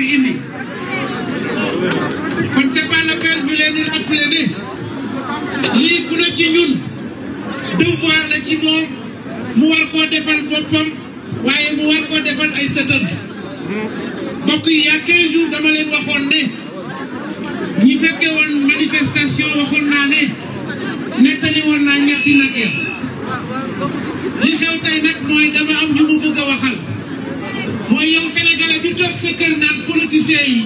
fi indi kon c'est pas la peine ñu leen di rappeler ne lii ku na ci ñun devoir la ci moom mu war koo defal boppam waaye mu war ay sëtën mbokk yi y'a 15 jours dama leen waxoon ne ñi fekke woon manifestation waxoon naa ne nettali woon naa ñetti nag ya li xew tey nag mooy dama am ñu mu bëgg a waxal mooy yow sénégalais bi toog sa kër naan politiciens yi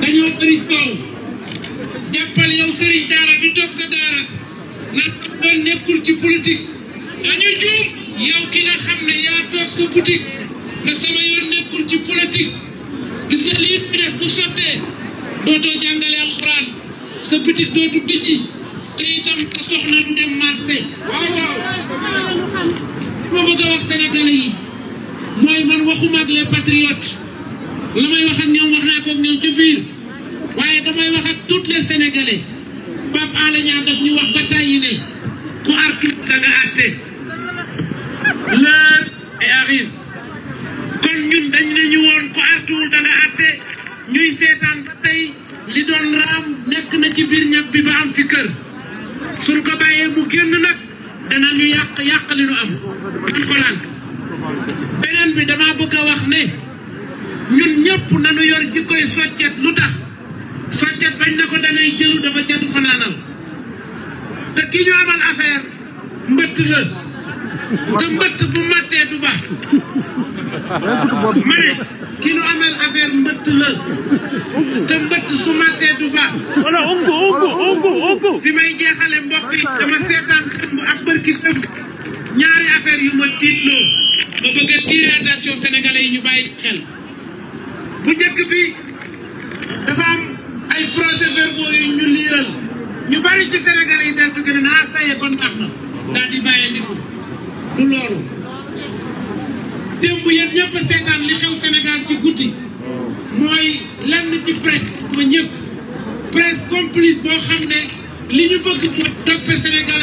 dañoo bëri kaw jàppal yow sëriñ daara bi toog sa daara naan nekkul ci politique dañu juum yow ki nga xam ne yaa toog sa boutique ne sama yoon nekkul ci politique gis nga lii bi def bu sottee dootoo jàngalee alxuraan sa boutique dootu tijji te itam sa soxna du dem marché waaw waaw ma bëgg a wax sénégalais yi mooy man waxuma ak les patriotes la wax ak ñoom wax naa ko ak ñoom ci biir waye damay wax ak toutes les sénégalais Pape ala ñaan daf ñu wax ba tàyyi ne ku arti da nga arté leur est arrive kon ñun dañ la ñu won ku artuwul da nga arté ñuy seetaan ba tey li doon ram nek na ci biir ñak bi ba am fi kër suñ ko bayé mu genn nak dana ñu yaq yaq li ñu am duñ ko lan benen bi dama bëgg wax ne ñun ñëpp nañu yor jikoy soccet lutax soccet bañ na ko ngay jël dama jënd fanaanal te ki ñu amal affaire mbëtt la te mbëtt bu mattee du baax ma ki ñu amal affaire mbëtt la te mbëtt su mattee du baax wala ungu ungu ungu ungu fi may jéxalé mbokk yi dama sétan ak barki dëmb ñaari affaire yu ma tiitloo ma bëgg tiire attention sénégalais yi ñu bàyyi xel bu njëkk bi dafa am ay procès verbaux yu ñu liiral ñu bari ci sénégalais yi daal tukki na ah ça y na daal di bàyyi ndiku du loolu démb yéen ñëpp a seetaan li xew Sénégal ci guddi mooy lenn ci presse ba ñëpp presse complice boo xam ne li ñu bëgg moo toppee Sénégal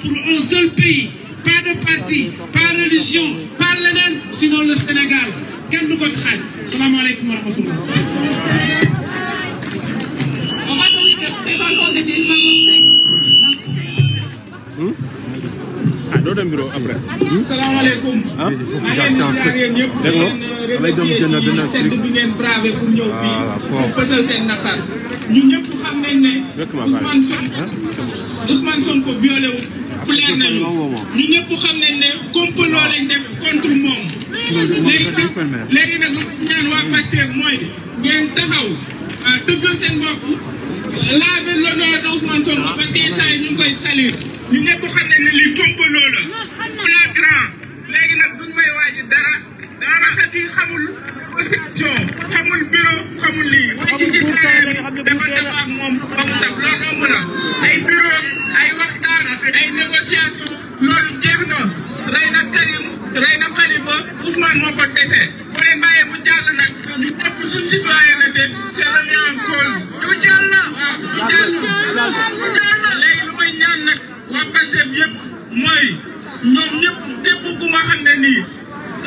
pour un seul pays pas de parti pas de religion pas même, sinon le Sénégal kenn nous ko Salam alaikum. wa rahmatullah doo dem bureau après. Hmm? salaamaaleykum. ah dégg nga euh, damay dem jënd benn sedd bi ngeen bravé pour ñëw fii. Ah, pour fësal seen naqar. ñun ñëpp xam nañ ne. Ousmane Sonko Ousmane Sonko violé wu. plaire ah, nañu ñun ñëpp xam nañ ne complot lañ def contre moom. léegi nag léegi nag ñaan waa Pastef mooy ah, ñu ngi salir. ñu ñëpp xam nañ ne lii complot la flagrant léegi nag duñ may dara dara xet yi xamul section xamul bureau xamul lii way ci ci dafa moom ba mu def loolu na ay bureau ay waxtaan ay négociation loolu jeex na rey na Karim na Khalifa Ousmane moo dese bu leen bàyyee bu jàll nag ñu topp suñ citoyenneté c'est remis en cause du jàll ñaan nag waa Pastef yëpp mooy ñoom ñëpp képp ku ma xam ne nii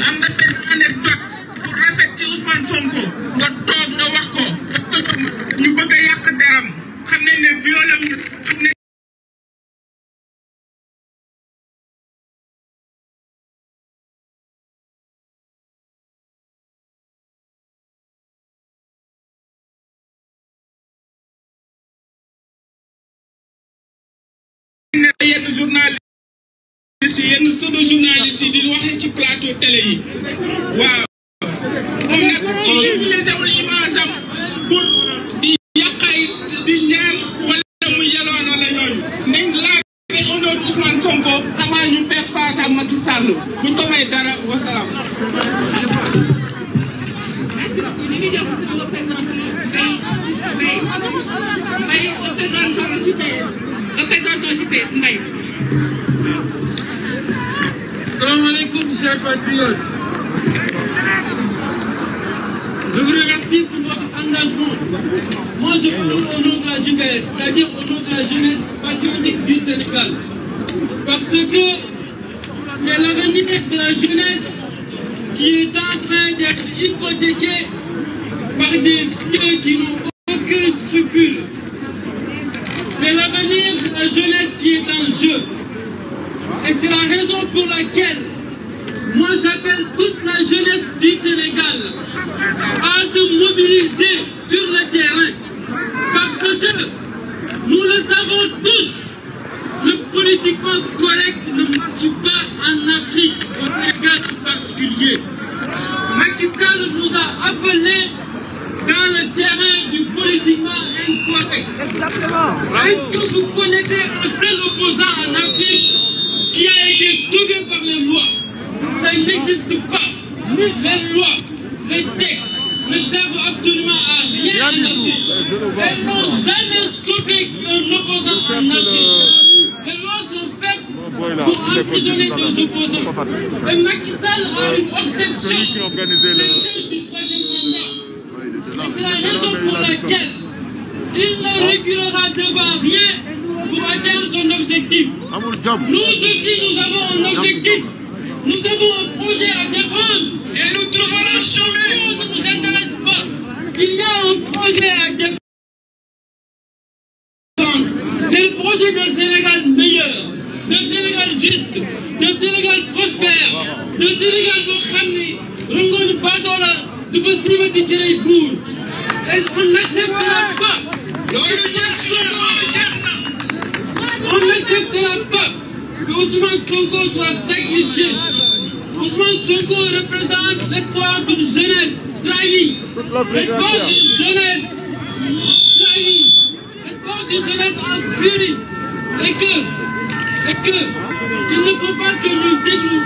am na benn anecdote pour rafet ci Ousmane Sonko nga toog nga wax ko parce que ñu bëgg a yàq deram xam ne yenn yenn pseudo journaliste di waxee ci plateau télé yi waaw moom nag utiliser wul image am di yàqaay di ñaan wala mu yelwaan wala ñooñu nañ laaj honneur Ousmane Sonko avant ñu perdre face ak Macky Sall buñ ko may dara wasalaam représentant JPS chers patriotes. Je vous remercie pour votre engagement. Moi je parle au nom de la JPS, c'est-à-dire au nom de la jeunesse patriotique du Sénégal. Parce que c'est l'avenir de la jeunesse qui est en train d'être hypothéquée par des vieux qui n'ont aucun scrupule. C'est l'avenir de la jeunesse qui est en jeu. Et c'est la raison pour laquelle moi j'appelle toute la jeunesse du Sénégal à se mobiliser sur le terrain. Parce que nous le savons tous, le politiquement correct ne marche pas en Afrique, au Sénégal particulier. Macky nous a appelés dans le terrain du politiquement incorrect. Exactement. Est-ce que vous connaissez un seul opposant en Afrique qui a été sauvé par les lois Ça n'existe pas. Les lois, les textes ne servent absolument à rien en Afrique. Elles n'ont jamais sauvé un opposant en Afrique. Euh, Elles lois sont faites pour emprisonner des opposants. Et Macky a une obsession. C'est celle du c'est la raison pour laquelle il ne reculera devant rien pour atteindre son objectif. Nous aussi, nous avons un objectif. Nous avons un projet à défendre. Et nous trouverons chemin. ne nous intéresse pas. Il y a un projet à défendre. C'est le projet d'un Sénégal meilleur, d'un Sénégal juste, d'un Sénégal prospère, d'un Sénégal Badola. Nous de Bassirou Djilay Et On n'acceptera pas. On n'acceptera pas que Ousmane Sonko soit sacrifié. Ousmane Sonko représente l'espoir d'une jeunesse trahie. L'espoir d'une jeunesse trahie. L'espoir d'une jeunesse en furie. Et que, et que, il ne faut pas que nous dites-nous...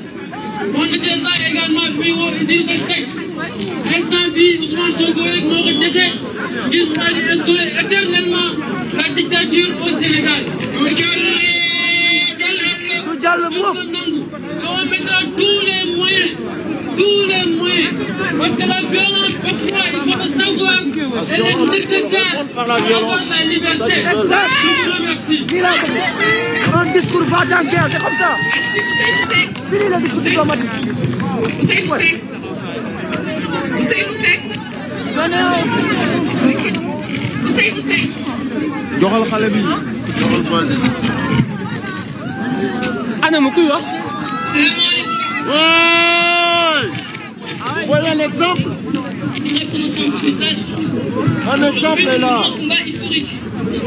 Wanted by Egan Mafiwo in this respect. SIB Ousmane Sonko est mort de décès, qui s'est instauré éternellement la dictature au Sénégal. Nous allons mettre tous les moyens parce que la violence parfois il faut le savoir elle est nécessaire pour avoir la liberté. Exact. Je vous remercie. Un discours va dans guerre, c'est comme ça. Fini le discours diplomatique. Vous savez, vous savez. Vous savez, vous savez. Vous savez, vous savez. Doral Khalabi. Doral Bali. Ana Mokuyo. Salam alaikum. Voilà l'exemple. Un exemple est là. Un combat historique. Le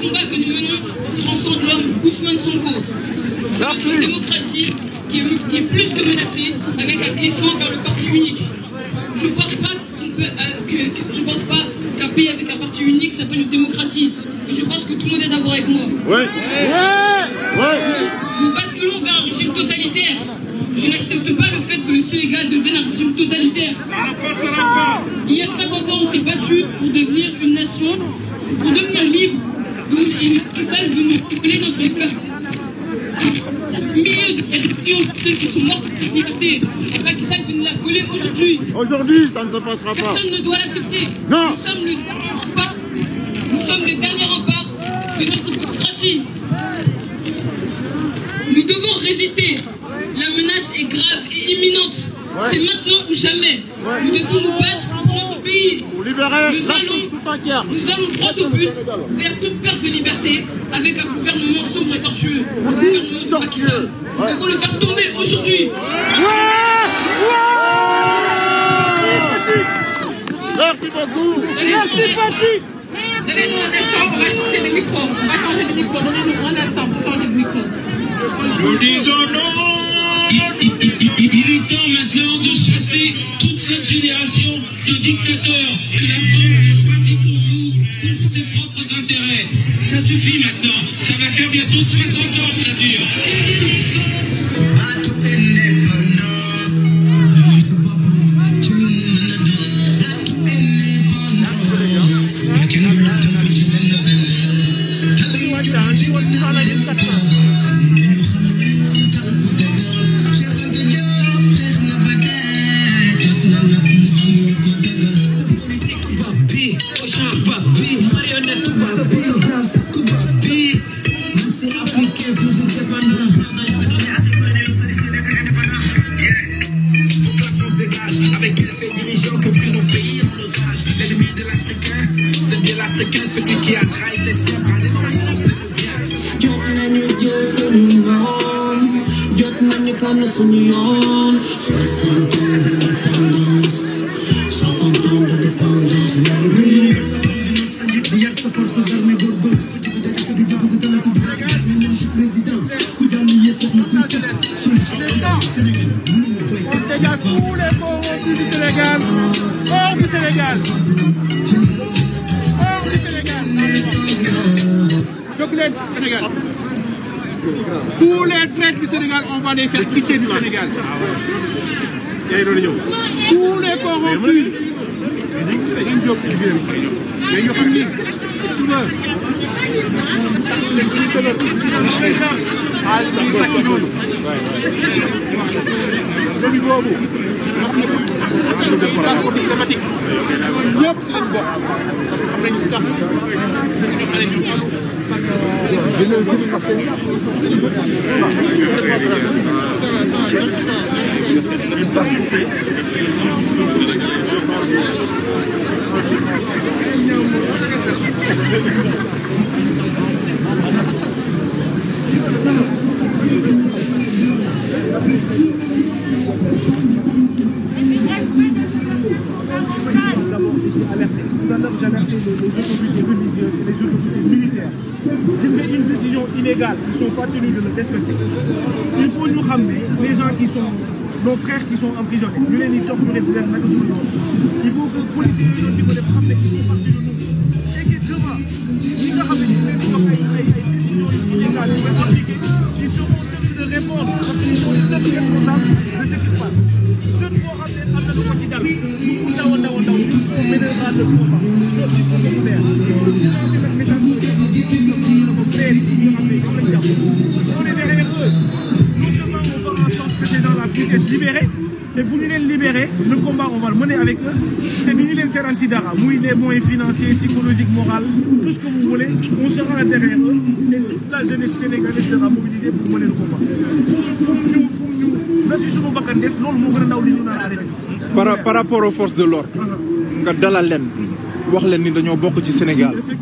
combat que nous menons transcende l'homme Ousmane Sonko. C'est une démocratie qui est, plus que menacée avec un glissement vers le parti unique. Je pense pas qu'on peut... Euh, que je pense pas un pays avec un parti unique s'appelle une démocratie. Et je pense que tout le monde est d'accord avec moi. Oui. Ouais. ouais. Nous, basculons vers un régime totalitaire. Je n'accepte pas le fait que le Sénégal devienne un régime totalitaire. Il y a 50 ans, on s'est battu pour devenir une nation, pour devenir libre. Et et ça veut nous couper notre peuple. Millions de millions ceux qui sont morts pour cette liberté. Le Pakistan veut nous la voler aujourd'hui. Aujourd'hui, ça ne se passera pas. Personne ne doit l'accepter. Non. Nous sommes le dernier rempart. Nous sommes le dernier rempart de notre démocratie. Nous devons résister. La menace est grave et imminente. C'est maintenant ou jamais. Nous devons nous battre pour libérer nous allons, tout Nous allons droit au but vers toute perte de liberté avec un gouvernement sombre et tortueux. Un gouvernement de Macky Nous devons le faire tomber aujourd'hui. Merci beaucoup. Merci Patrick. Donnez-nous un instant, on va changer les micros. On va changer les micros. Donnez-nous un instant pour changer de micro. Nous disons non Il est temps maintenant toute cette génération de dictateurs que la France a choisi pour vous, pour ses propres intérêts. Ça suffit maintenant. Ça va faire bientôt 60 ans que ça dure. libéré et pour nous libérer le combat on va le mener avec eux C'est nous les leen seetaan dara les moyens financiers psychologiques moraux tout ce que vous voulez on sera à eux et toute la jeunesse sénégalaise sera mobilisée pour mener le combat par rapport aux forces de l'ordre ah. nous avons leen wax laine ni bokk Sénégal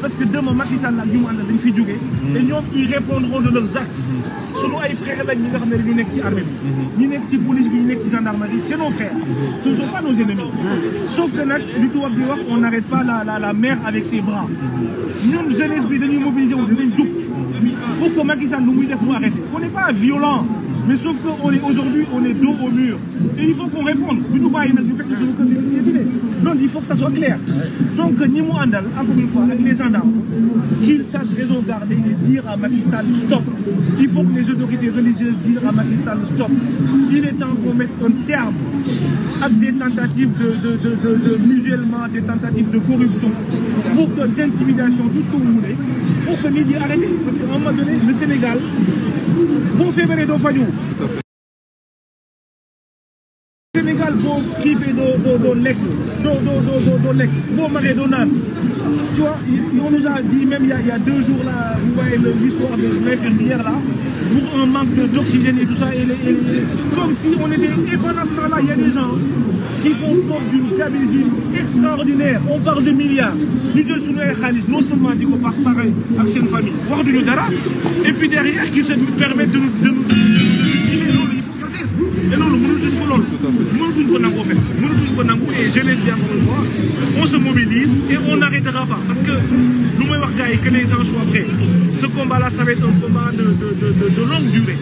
parce que demain Macky Sall dit ñu mu dañ fi et ñom ils répondront de leurs actes. Mm. sont les frères lañ ñi nga xamné ne ñu nekk ci armée bi. Mm-hmm. ñi nekk ci police bi ñu nekk ci gendarmerie nos frères. Mm-hmm. ce ne sont pas nos ennemis. Mm-hmm. sauf que nous lu wax on n'arrête pas la la la mer avec ses bras. nous jeunesse bi dañuy mobiliser wu pour que Macky Sall lu muy def on n'est pas violent. Mais sauf qu'aujourd'hui, on, on est dos au mur. Et il faut qu'on réponde. Donc, il faut que ça soit clair. Donc, Nimo Andal, encore une fois, avec les Andal, qu'ils sachent raison garder et dire à Macky stop, il faut que les autorités religieuses disent à Macky stop. Il est temps qu'on mette un terme à des tentatives de, de, de, des tentatives de corruption, pour d'intimidation, tout ce que vous voulez, pour que médias arrêtent. Parce qu'à un moment donné, le Sénégal, bon février d'Ofayou bon qui fait de doo do lekk doo tu vois on nous a dit même il y a, deux jours là vous voyez l'histoire de l'infirmière là pour un manque d'oxygène et tout ça et, les, et comme si on était et pendant ce temps-là il y a des gens qui font fort d'une cabalisme extraordinaire on parle de milliards Nous jël sous les xaalis non seulement di ko par pareil ak famille wax du dara et puis derrière qui se permettent de nous de nous prenons nous fait, nous nous prenons et on se mobilise et on n'arrêtera pas parce que nous, may wax que les gens soient prêts ce combat là ça va être un combat de longue durée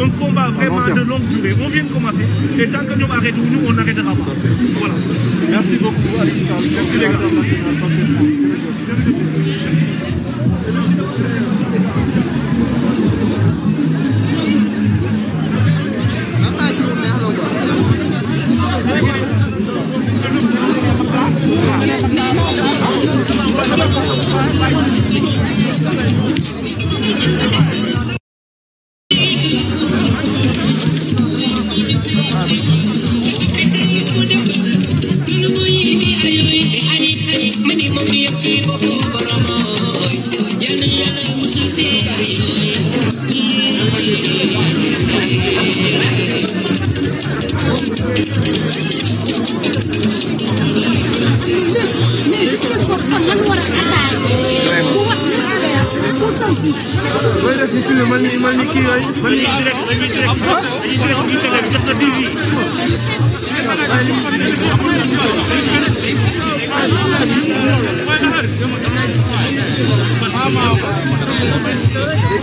un combat vraiment de longue durée on vient de commencer et tant que nous arrêtons nous, on n'arrêtera pas voilà merci beaucoup merci les gars mas...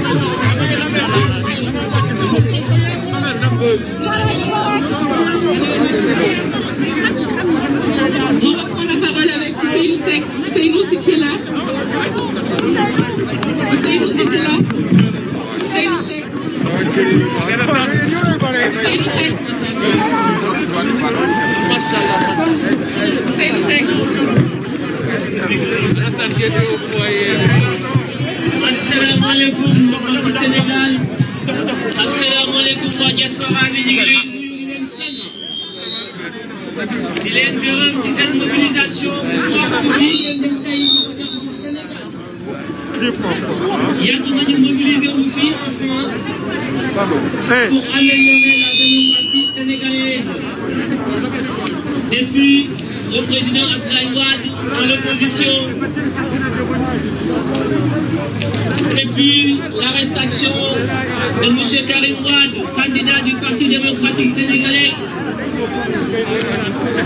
Il est une que cette mobilisation Il y a besoin une mobilisé aussi en France pour améliorer la démocratie sénégalaise. Depuis le président Abdoulaye Wade en opposition, depuis l'arrestation de M. Karim Wade, candidat du Parti démocratique sénégalais,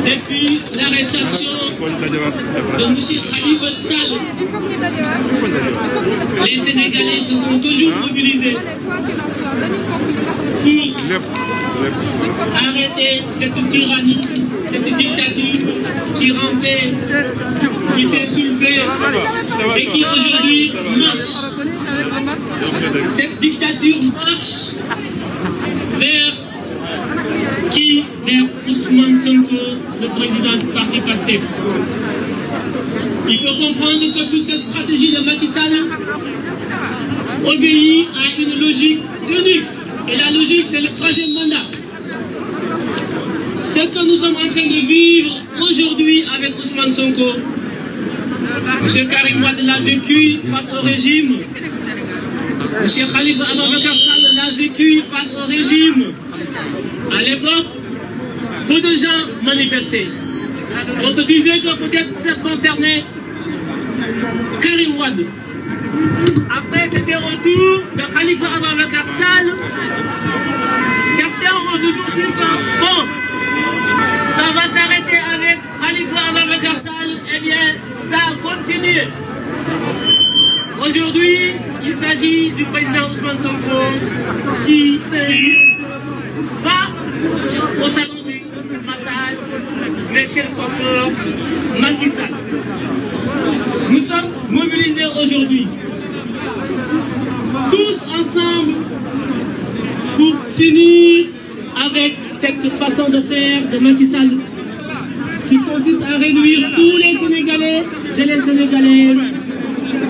depuis l'arrestation donc M. Khalifa sale Les Sénégalais se sont toujours mobilisés pour arrêter cette tyrannie, cette dictature qui rampait, qui s'est soulevée et qui aujourd'hui marche. Cette dictature marche vers qui est Ousmane Sonko, le président du parti PASTEF Il faut comprendre que toute stratégie de Macky obéit à une logique unique. Et la logique, c'est le troisième mandat. Ce que nous sommes en train de vivre aujourd'hui avec Ousmane Sonko, M. Karim Wade l'a vécu face au régime. M. Khalifa Ababakar l'a vécu face au régime. À l'époque, peu de gens manifestaient. On se disait que peut-être ça concernait Karim Wade. Après, c'était retour de Khalifa Ababakar Certains ont toujours dit que bon, ça va s'arrêter avec Khalifa Makassal. Kassal. Eh bien, ça continue. Aujourd'hui, il s'agit du président Ousmane Sonko qui s'est pas au salon du massage, Michel le Macky Nous sommes mobilisés aujourd'hui, tous ensemble, pour finir avec cette façon de faire de Makissal qui consiste à réduire tous les Sénégalais et les Sénégalaises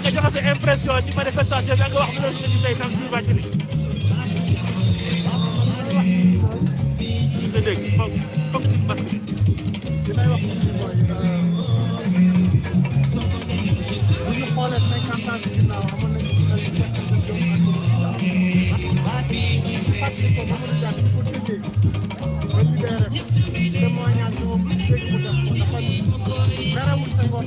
nga joxe sa impression ci manifestation bi nga wax lu la ñu gisee tam ci wàcc bi. nga dégg foog foog ci mbas bi. li may wax nit ñi mooy bu ñu xoolee cinquante ans ci ginnaaw amoon nañu ci ay gerte gi jëm ak yooyu. fàttali ko ba mën a jàpp pour liggéey ba libéré ko témoignage boobu léegi mu def ko dafa merawul sa ngoon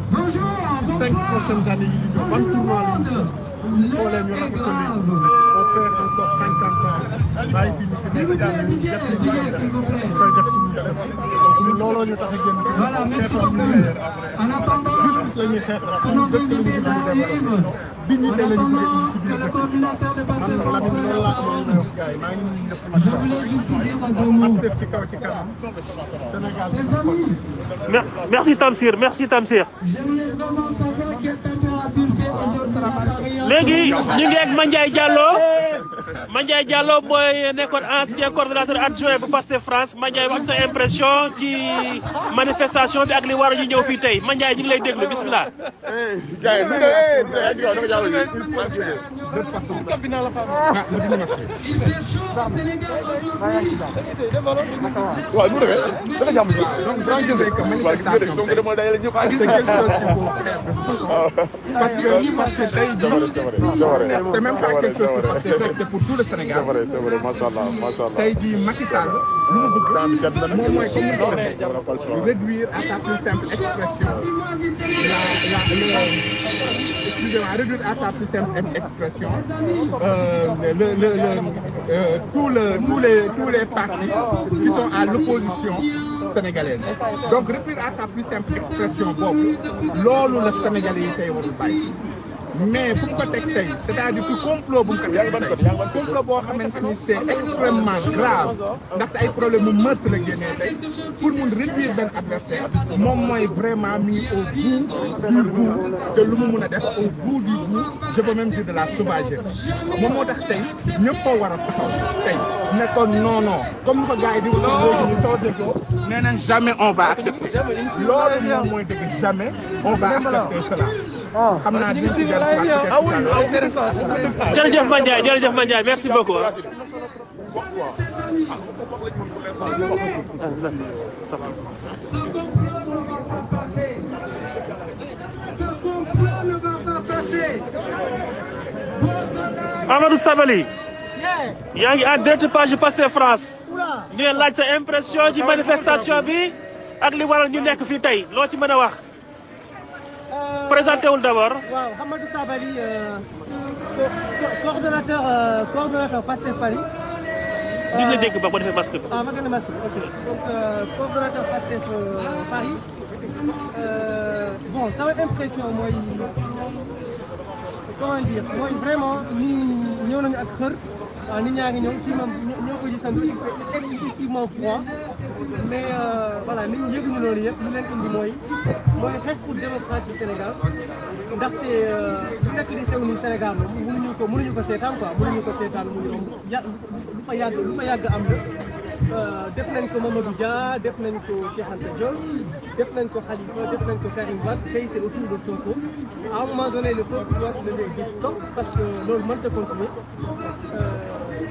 cinq prochaines années, il encore 50 ans. voilà merci beaucoup. en attendant que nos invités arrivent. que le coordinateur de prendre la parole. Je voulais Merci Tamsir, merci léegi ñu ngi ak Mandiaye Mandiaye Diallo moy nekkone ancien coordinateur adjoint bu Pasteur France Mandiaye wax sa impression ci manifestation bi ak li war a ñu ñëw fii ñu lay déglu bismillah c'est le c'est vrai c'est vrai Masha'Allah, allah cest du Nous Macky Sall lu mu bëgg réduire à sa plus simple expression la la excusez-moi réduire à sa plus simple expression euh, le le le euh, tout le tous les tous les partis qui sont à l'opposition sénégalaise donc réduire à sa plus simple expression boobu lolu le Sénégalais yi tey baye mais pour mu ko c'est-à-dire que complot bu ko complot boo xamante c'est extrêmement grave ndaxte ay problème mu meurtre la les tey pour nous réduire benn adversaire moom est vraiment mis au bout du bout te le moment def au bout du bout je peux même dire de la sauvagerie moom moo tax tey ñëpp a war a ne non non comme ko gars yi di wax léegi jamais on va accepter loolu moom jamais on va accepter cela xam naa dina si jàpp ak jërëjëf Mandiaye jërëjëf Mandiaye merci beaucoup. Amadou Sabali. yaa ngi en direct page Pastef France. ñu ngi laaj sa manifestation bi ak li waral ñu nekk fii tey loo ci mën a wax. présenté wul d'abord. waaw Hamadou Sabali euh, coordonnateur euh, coordonnateur Pasteur Paris. di nga dégg ba boo defee masque ah ma gën masque ok donc euh, coordonnateur Pastef Paris bon ça m'a impression moi. comment dire mooy vraiment nii ñëw nañu ak xër waaw ah, nit ñaa ngi ñëw fii moom samedi il fait excessivement froid mais euh, voilà nous nous sommes nous indi au Sénégal D'après, euh, Sénégal nous sommes ko mënuñu ko nous quoi mënuñu ko mu nous fa nous fa am nous euh, def nañ ko Mamadou Dia def nañ ko Cheikh Anta Diop def nañ ko Khalifa def nañ ko Karim c'est autour de Sonko à un moment donné le peuple doit se lever stop parce que loolu mënta continuer euh,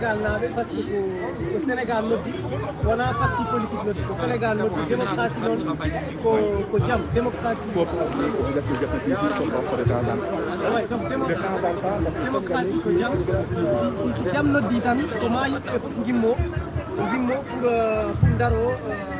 sénégal naaɓe parce que ko sénégal noddi wona parti politique noddi ko sénégal noddi démocratie noon ko ko jam démocratie démocratie ko jam si jam noddi tan ko ma yimɓe fof gimmo gimmo pour euh, pour daroo euh,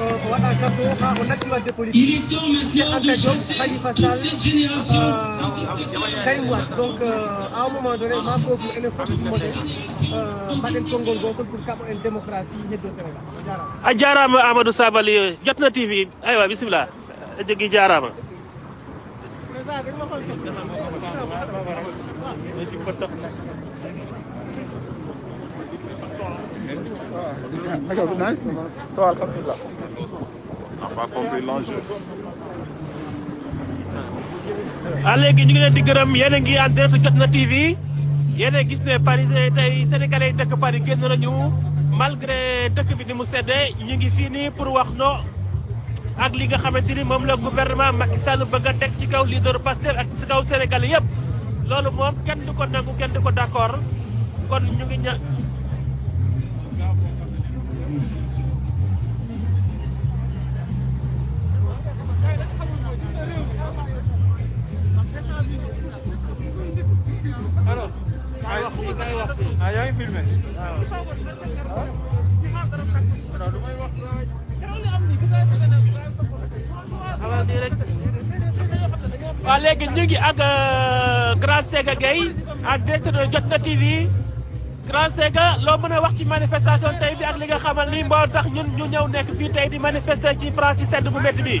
Il est temps maintenant de chanter toute cette génération Donc, à un moment donné, ma peuple est le peuple du Sabali, TV. Aywa, bismillah. Jegi jaarama. On va compris l'enjeu. léegi ñu ngi leen di en direct jot na TV yéen a gis ne Paris tey sénégalais yi dëkk Paris génn nañu malgré dëkk bi ni mu seddee ñu ngi fii nii pour wax no ak li nga xamante gouvernement Macky Sall bëgg leader Pastef ak ci kaw sénégalais yëpp loolu moom kenn du ko nangu kenn kon ñu alors. ah yaa ngi filmé. léegi ñu ngi ak euh, Grand Séga Gueye en direct de Jotna TV Grand Séga loo mën a wax ci manifestation tey bi ak li nga xamal li moo tax ñun ñu ñëw nekk fii tey di manifester ci France ci sedd bu métti bi.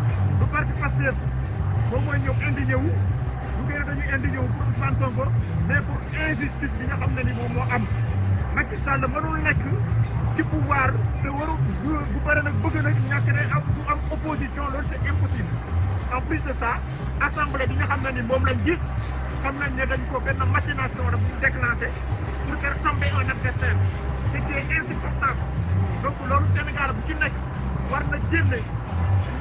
du parti Pastef moom mooy ñëw indigné wu du gën dañuy indigné wu pour Ousmane Sonko mais pour injustice bi nga xam ni moom am Macky Sall mënul nekk ci pouvoir te waru bu bëri nag bëgg nag ñàkk ne am du am opposition loolu c'est impossible en plus de ça assemblée bi nga xam ne ni moom lañ gis xam nañ ne dañ ko benn machination la bu ñu déclenché pour faire tomber un adversaire ce insupportable donc loolu Sénégal bu ci nekk war na génne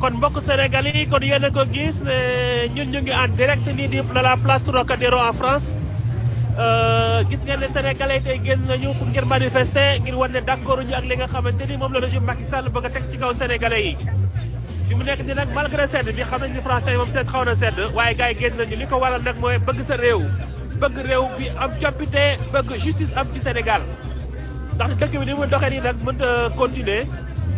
kon mbokk Sénégal yi kon yéen a ko gis eh, ñun ñu ngi en direct nii di la place Trocadéro en France euh, gis ngeen ne sénégalais tey génn nañu ngir manifester ngir wane ne d'accord ñu ak li nga xamante ni moom la régime Macky Sall bëgg a teg ci kaw sénégalais yi. fi mu nekk nii nag malgré sedd bi xam nañ ni français moom sedd xaw na sedd waaye gars yi génn nañu li ko waral nag mooy bëgg sa réew bëgg réew bi am coppite bëgg justice am ci Sénégal ndax dëkk bi ni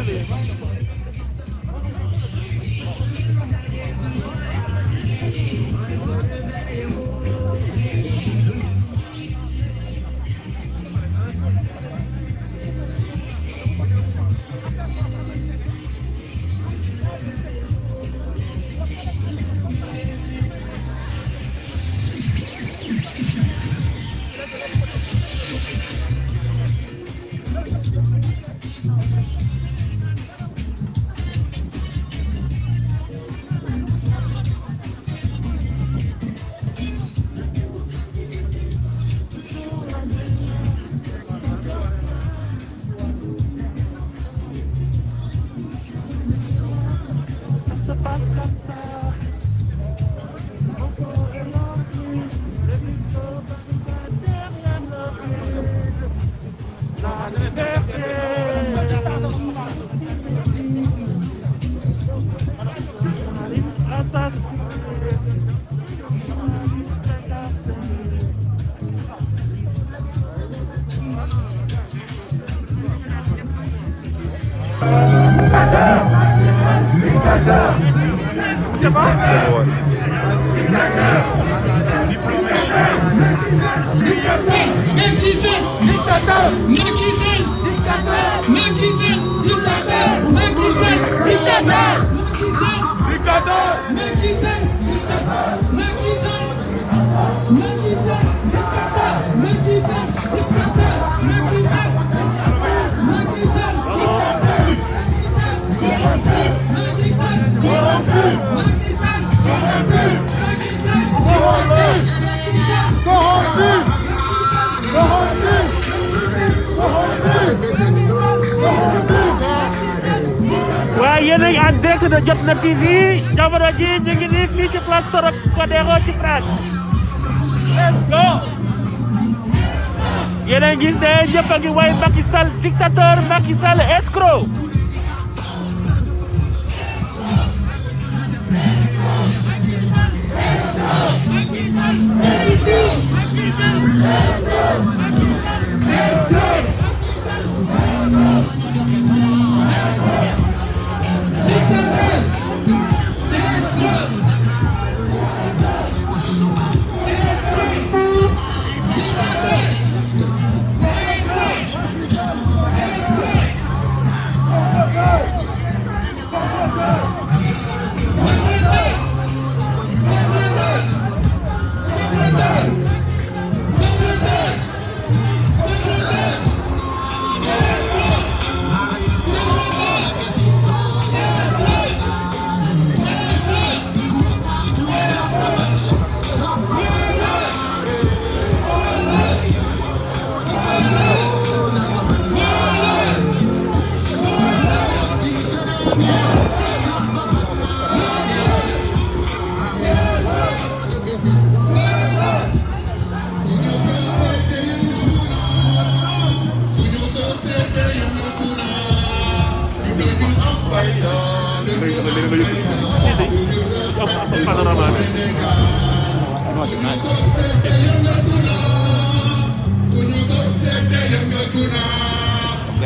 Natürlich. Isale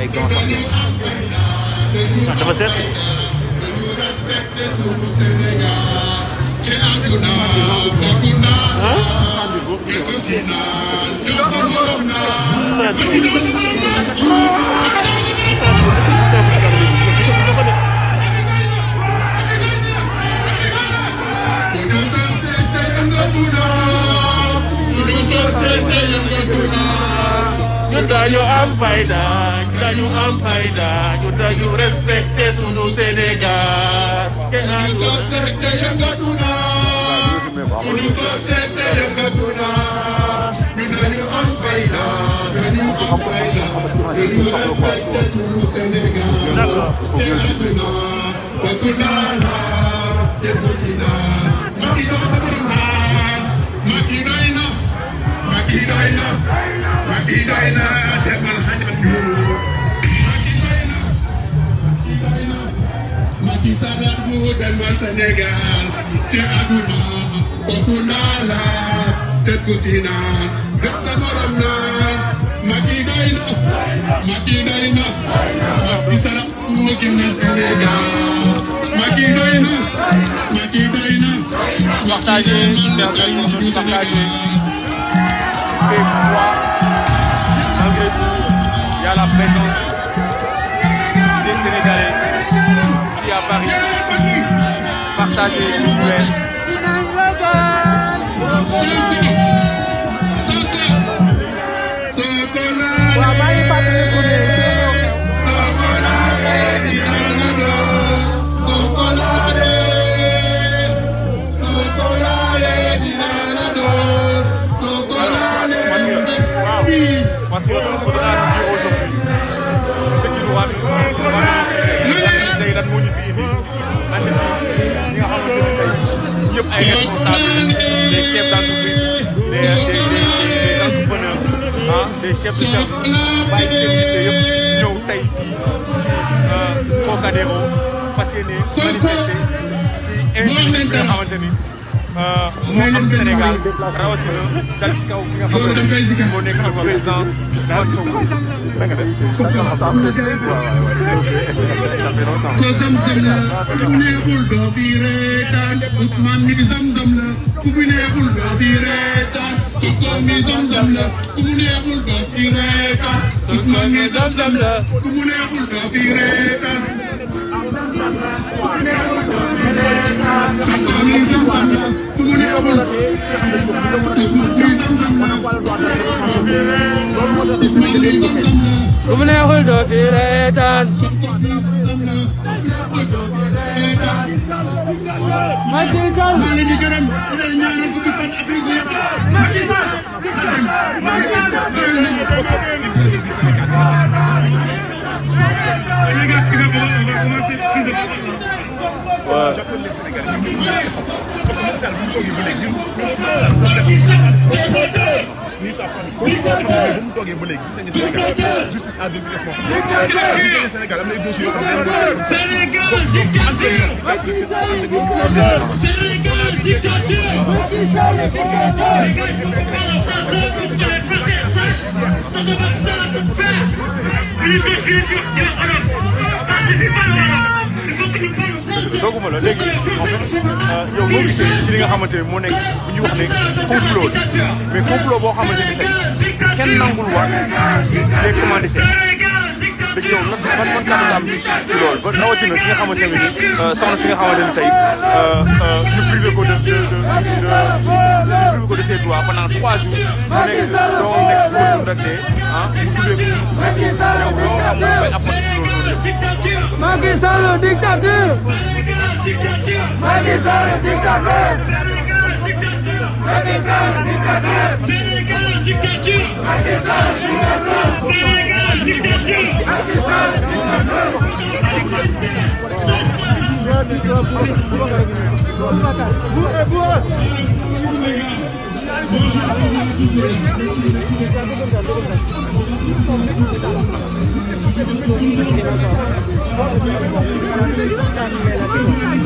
ay c'est sax ça ñun dañu am fayda dañu am fayda ñun dañu respecté sunu Sénégal. kenn ku soo seete yëngatu naa. sunu soo seete yëngatu naa. ñun dañu am fayda dañu am fayda dañu respecté sunu Sénégal. d'accord. Maki doy na. Maki doy na. kii doy na demal xajal Diouf. kii doy na. kii doy na. Macky Sall bu demal Sénégal te aduna bokku naa la te tuuti naa def sa morom naa Macky doy na. Macky doy na. Macky Sall bu génne Sénégal Macky doy na. Macky doy na. waxtaanee suñu daal di ñu suñu waxtaanee. y a la présence des Sénégalais ici à Paris. Partagez, que vous bi man de ñi nga xamante ne tey ñëpp ay responsables des chefs d'entreprise des des des entrepreneurs ah des chefs de service bàyyi service yëpp ñëw tey fii ci bi nga xamante ni moo am Sénégal rawatina dal ci kaw ki nga xamante ni moo ko zamzam la ku mu neexul doo fi reetaan Ousmane mi zamzam la ku mu neexul doo fi reetaan Ousmane mi zamzam la ku mu neexul doo fi reetaan Ousmane mi zamzam la ku mu neexul doo fi reetaan Ousmane mi zamzam la ko mën a dee ci xam toogee ba léegi gis nañu Sénégal justice à deux vitesses moo xam ne Sénégal am na ay dossiers yoo xam ne Sénégal dictature Sénégal dictature dooguma a léegi en fait yow boo gisee ci li nga xamante ne moo nekk bu ne complot mais complot boo xamante ni tey kenn nangul waat les commanditaires léegi yow nag ban ban kàddu nga am ci loolu ba rawatina nga xamante ne nii soxna si nga xamante ne tey dictateur Sénégal, dictateur Sénégal, dictateur Sénégal, dictature Sénégal, dictateur Sénégal, dictature Sénégal, dictateur Sénégal, dictateur Sénégal,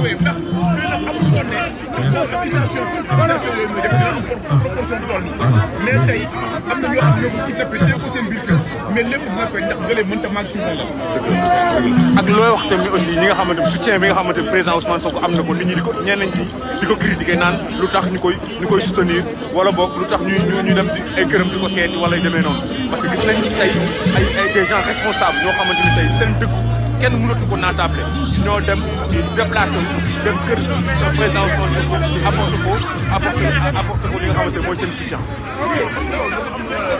ñëwee ndax xëy na xamuñu woon ne góor accusation fausse accusation yooyu muy def proportion bu toll nii mais tey am na ñoo xam ñoo ko ci nappe tey ko seen biir kër mais lépp dina fay ndax gëlee mënta maag ci moom la ak looy wax tamit aussi ñi nga xamante ne soutien bi nga xamante ne président Ousmane Sonko am na ko nit ñi di ko ñeneen ñi di ko critiquer naan lu tax ñu koy ñu koy soutenir wala boog lu tax ñu ñu dem di ay këram di ko seeti wala demee noonu parce que gis nañ tey ay ay des gens responsables ñoo xamante ne tey seen dëkk kenn mënatu ko naatable ñoo dem di déplacé wu dem kër président Ousmane Sonko apporté ko apporté ko li nga mooy seen soutien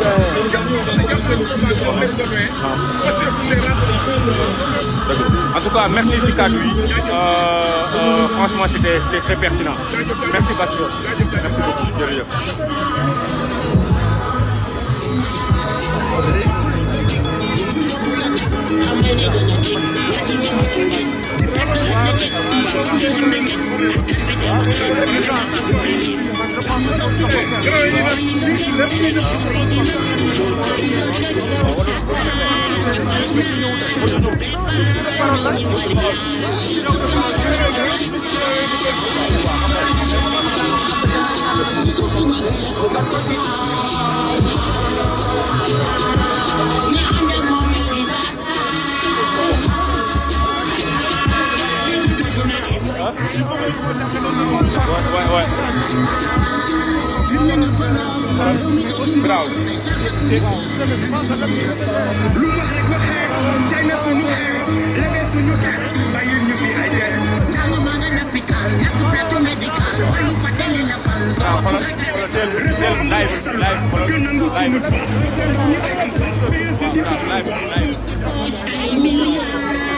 Euh, en tout cas, merci Zika lui. Euh, euh, franchement, c'était très pertinent. Merci Patriot. Merci beaucoup. How many get? get. I am getting it. I I'm the to go you get it. Then Thank you. Hã? Vai, vai, vai. lu wax rek wax xeer tey na sunu xeer lebe sunu ter bàyyil ñu fi ay der tànn ma nga l'hôpital ñàkk plateau médical wàllu fa télé la fal sama bu xatal gën a ngu sunu toit ñu ay am pas payer sa diplôme ay milliards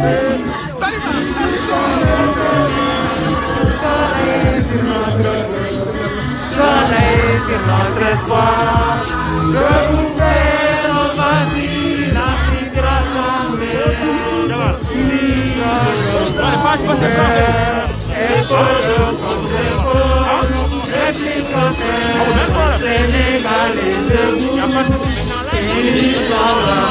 Sénégalais debout, c'est l'histoire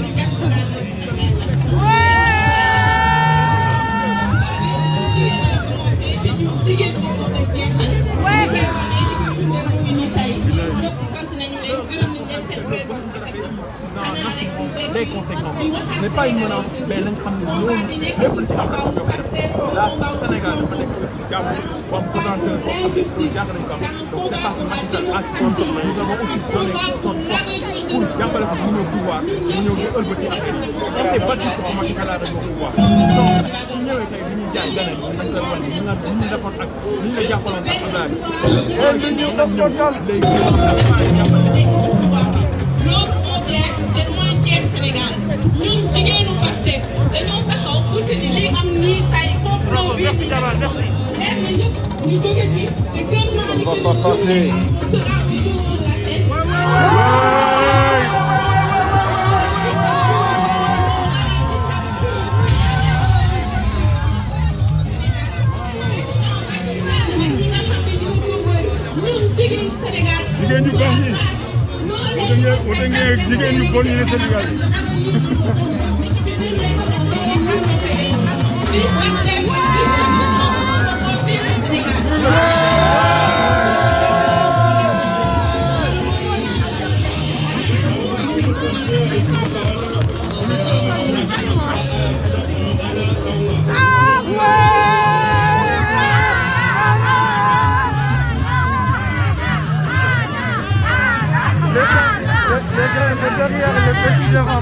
vraies conséquences. Ce n'est pas une menace, mais l'incamouillon est p o l e Là, c'est e Sénégal, le s é n é a l le g a o n comme p r é e n t e u r comme président, Donc, c'est pas ce match qui Nous avons aussi donné notre force pour g a b n o u r nous p u v o i r pour nous faire voter à elle. On s'est battu pour m a c k e c le pouvoir. Donc, a eu d s gens q u ont été en train de se f a i r Nous avons a un p e de t e m p o u s avons f a peu de t e Nous Pastef dañoo taxaw pour que ni li am ये उठेंगे एक जगह नहीं बोल नहीं चली गाड़ी le, le, derrière, le petit devant.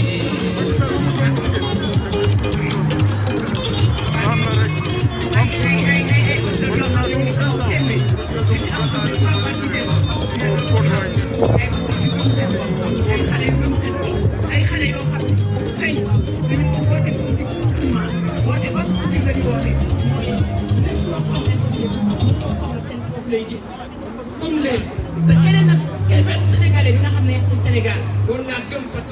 patriote yi di fi ñëw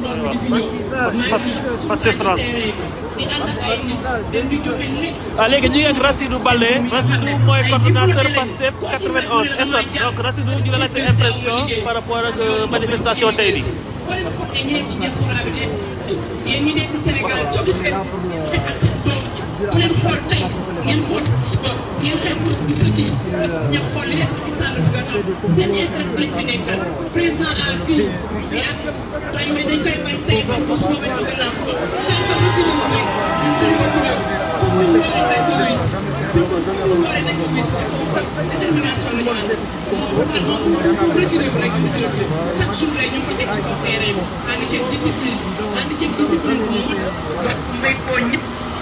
maa ngi suuf ci terrain di ànd ak ay nit di joxe lekk. ah léegi ñu ngi ak Rassidou Baldé Rassidou mooy coordonnateur Pastef 91 Essonne donc Rassidou la laaj par rapport euh, ngeen xool ci bopp ngeen xeex pour société ñu xool li Macky Sall bu gannaaw seen intérêt lañ fi nekkal président à fii fii ak tey mais dañ koy bañ tey ba ko suba bañ ko gannaaw suba tant que bu kii la rek ñu tëjee ko kuréel comme ni mu waree dañ ko wis ñu ko ñu ko waree dañ ko wis détermination la ñu ànd moom bu mal moom bu reculer bu rek ñu reculer chaque jour lay ñu ko teg ci kaw terrain bi ànd ceeg discipline ànd ceeg discipline bu mu mën ba mbéy koo ñëpp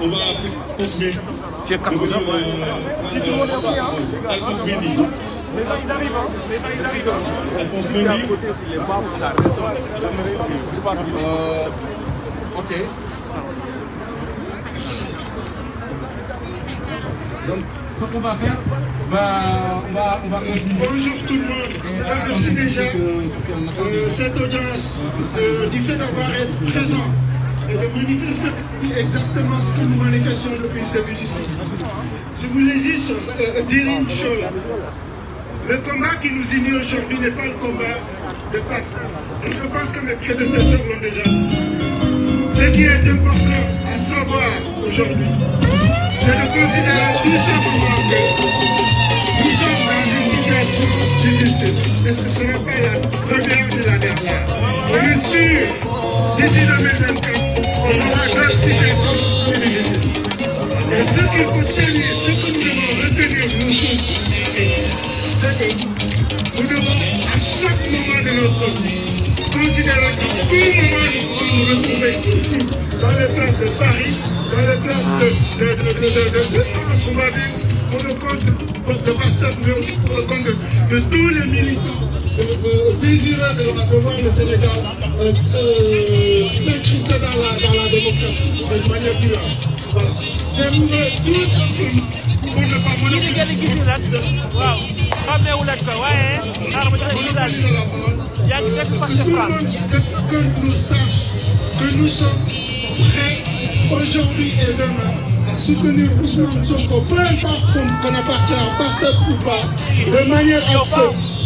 on va appeler Cosme. Tu es Cosme Si tout le monde est pris, hein. Les gens, ils arrivent, hein. Les gens, ils arrivent. Hein. est à côté, c'est les barbes, ça résonne. Euh, ok. Donc, ce qu'on va faire, bah, on, va, on va continuer. Bonjour tout le monde. Et ah, merci déjà euh, cette audience euh, du fait d'avoir été présent et de manifester exactement ce que nous manifestons depuis le début jusqu'ici. Je voulais juste euh, dire une chose. Le combat qui nous unit aujourd'hui n'est pas le combat de Pasteur. Je pense que mes prédécesseurs l'ont déjà dit. Ce qui est important à savoir aujourd'hui, c'est de considérer tout simplement que nous sommes dans une situation difficile. Et ce ne sera pas la première ni la dernière. On est sûr D'ici 24, on aura 26 autres. Et ce qu'il faut tenir, ce que nous devons retenir, nous, nous devons à chaque moment de notre vie considérer que tout le monde nous retrouver ici, dans les places de Paris, dans les places de, France, on va dire, pour le compte de Pasteur, pour le compte de tous les militants désireux euh, de revoir le Sénégal euh, euh dans la, démocratie de manière pure. large. J'aimerais tout pour ne pas monopoliser. Que, nous sache que nous sommes prêts aujourd'hui et demain à soutenir Ousmane Sonko, peu importe qu'on appartient à Passep ou pas, de manière à ce que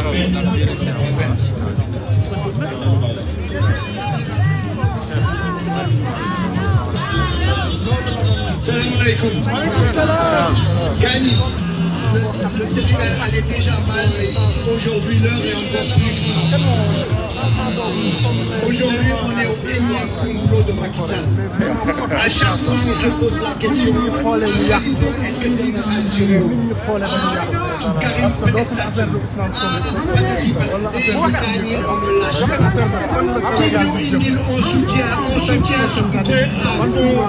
Salam alaikum. Gagne. Le Sénégal allait déjà mal, mais aujourd'hui l'heure est encore plus grave. Aujourd'hui, on est au énième complot de Macky Sall. À chaque fois, on se pose la question à est-ce que tu vas assurer Ah, Karim, peut-être ça. Ah, peut-être parce que les Italiens, on me lâche. Comme nous, ils on soutient, on soutient ce qu'on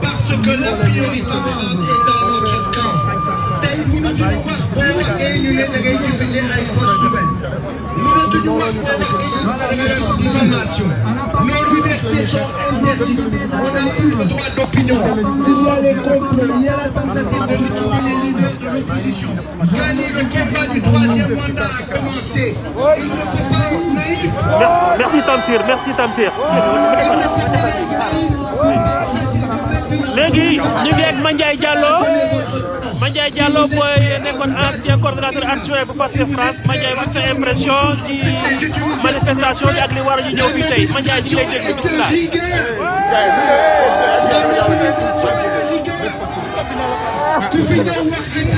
parce que la priorité est dans notre cœur tey mënatuñu wax boo waxee Nous ne da ngay utiliser ay fausses nouvelles mënatuñu wax boo waxee ñu ne diffamation nos libertés sont interdites on a plus le droit d'opinion il y a les complots il y a la tentative de liquider les leaders de l'opposition Gagner le combat du troisième mandat a commencé il ne faut pas être naïf merci Tamsir merci Tamsir léegi ñu ngi ak Mandiaye Diallo Mandiaye Diallo booy nekkoon ancien coordonnateur adjoint bu Pastef France Mandiaye wax sa impression ci manifestation bi ak war a ñu ñëw fii tey Mandiaye ñu ngi lay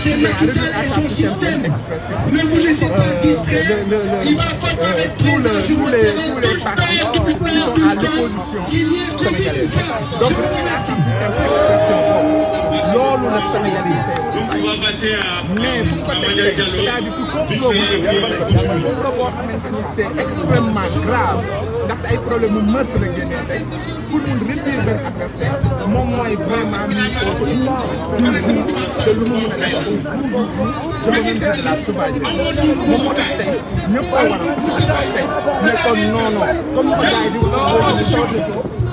c'est Macky et son système. Ne vous laissez pas distraire. Il va falloir euh, être présent sur le terrain tout le temps, tout le temps, tout le temps. Il y a Covid du pas. Je vous remercie. loolu la Sénégal yi mais bu ko defee c'est-à-dire que complot bu complot boo xamante ni c'est extrêmement grave ndaxte ay problème mu meurtre la génnee tey pour mun réduire benn adversaire moom mooy vraiment nii kooku li ñu te lu mu mën a def pour mu gën la subaajee moom moo tax tey ñëpp a war a tey mais kon non non comme ko gars yi di ko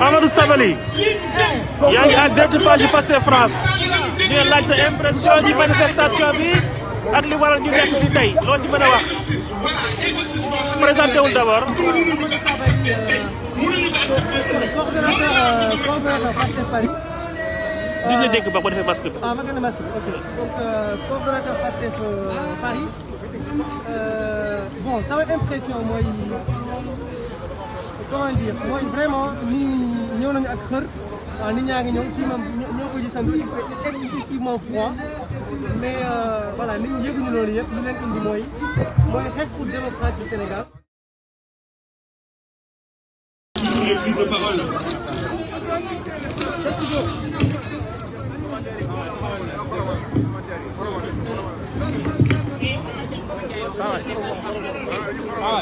Amadou Sabali yaa ngi en direct page Pastef France di nga laaj sa impression ci manifestation bi ak li waral ñu nekk ci tey loo ci mën a wax présenté wul d'abord. di nga dégg ba ko defee masque bi. ah ma gën a masque bi ok donc euh, coordonnateur Pastef euh, Paris euh, bon sama impression mooy. comment dire mooy vraiment nii ñëw nañu ak xër ah, nit ñaa ngi ñëw fii moom ñoo ko gisandoo il fait excessivement froid mais euh, voilà nit loolu yëpp lu leen indi mooy mooy xeex pour démocratie Sénégal.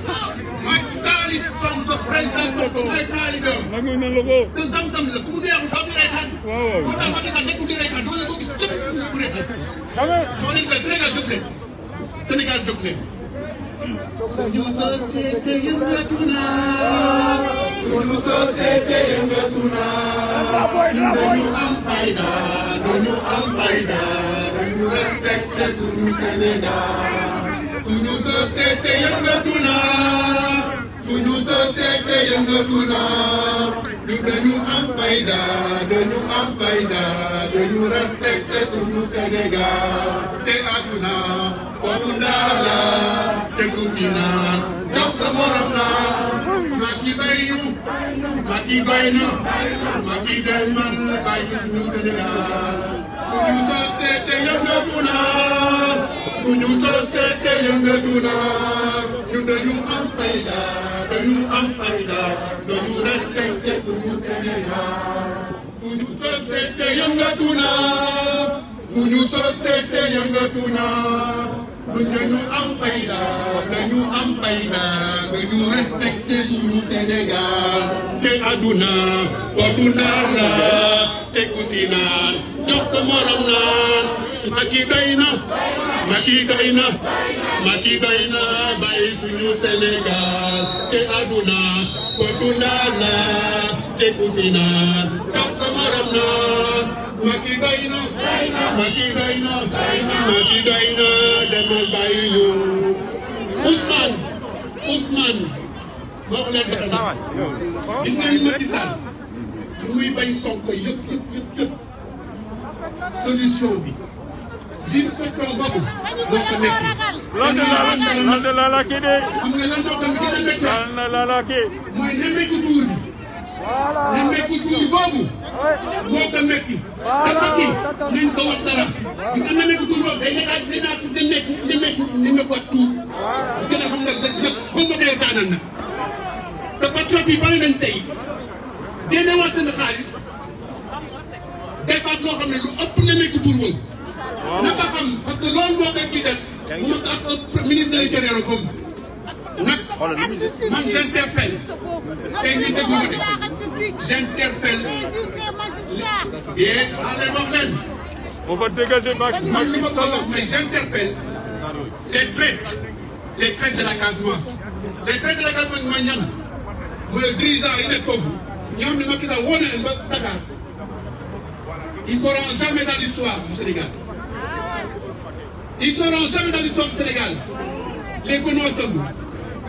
Macky Sall it Sonko président Sonko may taalibeem. nangu nañ la ko. suñu société yëngatu naa suñu société yëngatu naa ñu dañu am fayda dañu am fayda dañu respecté suñu Sénégal te àdduna kooku ndaar la te ku fi naan jox sa morom naa ñu Macky bay na Macky man bàyyi suñu Sénégal suñu société yëngatu naa suñu société yëngatu na ñun dañu am fayda dañu am fayda dañu respecté suñu Sénégal suñu société yëngatu na suñu société yëngatu na ñun dañu am fayda dañu am fayda dañu respecté suñu Sénégal te àdduna boobu naan la te ku si naan jox sa morom naan Macky doy na Macky doy na Macky doy na bàyyi suñu Sénégal te aduna ko tundal te kusina tax sama ram na Macky doy na Macky doy na Macky doy na demal bàyyi ñu Ousmane Ousmane moo leen dara gis yëpp yëpp yëpp yëpp solution bi biir koom-koom boobu doo ko métti. loolu de la loolu de la la kii de. xam nga lan doo ko gën a métti. loolu de la la kii. mooy nemmeeku duur bi. voilà nemmeeku duur boobu. moo ko métti. voilà te kii nañ ko wax dara. gis nga nemmeeku duur boobu day nekkaat day naat nemmeeku nemmeeku nemmeeku ak tuur. gën a xam nag dëgg dëgg ba nga dee daanal nag. te patriote yi bari nañ tey. génneewaat seen xaalis. defaat loo xam ne lu ëpp nemmeeku duur boobu. parce que l'homme m'interpelle. ministre de l'intérieur j'interpelle j'interpelle j'interpelle les traites les de la casemance. les traits de la Casamance de ne seront jamais dans l'histoire du Sénégal ils ne seront jamais dans l'histoire du Sénégal. Les Benoît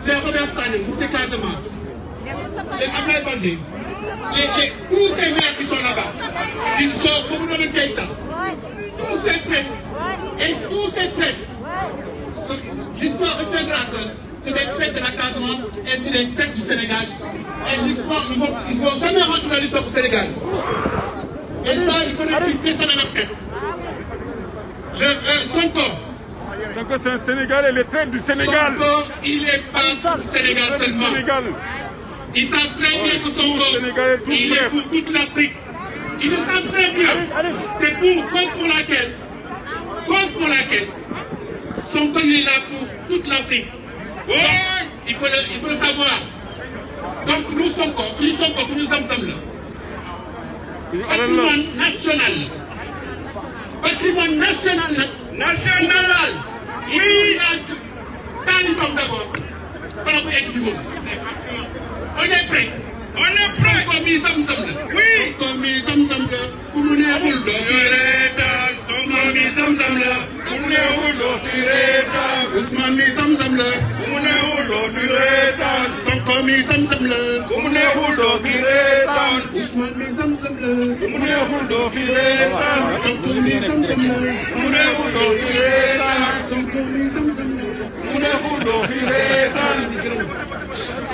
les Robert Sane, M. Casemas, les Ablaï Bandé, les, tous ces maires qui sont là-bas, ils sont comme dans le Keïta. Tous ces traits, et tous ces traits, l'histoire retiendra que c'est des traits de la Casamance et c'est des traits du Sénégal. Et l'histoire, ils ne vont jamais rentrer dans l'histoire du Sénégal. Et ça, il faudrait que ça dans la tête. Le, euh, son corps, c'est un Sénégalais, est train du Sénégal. corps, il est pas du Sénégal seulement. Sénégal. Ils savent très bien que son corps, il est pour toute l'Afrique. Ils le savent très bien. C'est pour, cause pour laquelle, cause pour laquelle, son il est là pour toute l'Afrique. Oui. il faut, le, il faut le savoir. Donc nous sommes corps, nous sommes corps, nous sommes là. Patrimoine national. Patrimoine national. National. lii taalibam d'abord bala ko egg ci moom on est prêt On est prêt. Famille Zamzam. Oui. Famille Zamzam. Pour nous évoluer. Famille Zamzam. Pour nous évoluer. Ousmane Zamzam. Pour nous évoluer. Famille Zamzam. Pour nous évoluer. Ousmane Zamzam. Pour nous évoluer. Famille Zamzam. Pour nous évoluer. Famille Zamzam. Pour nous évoluer.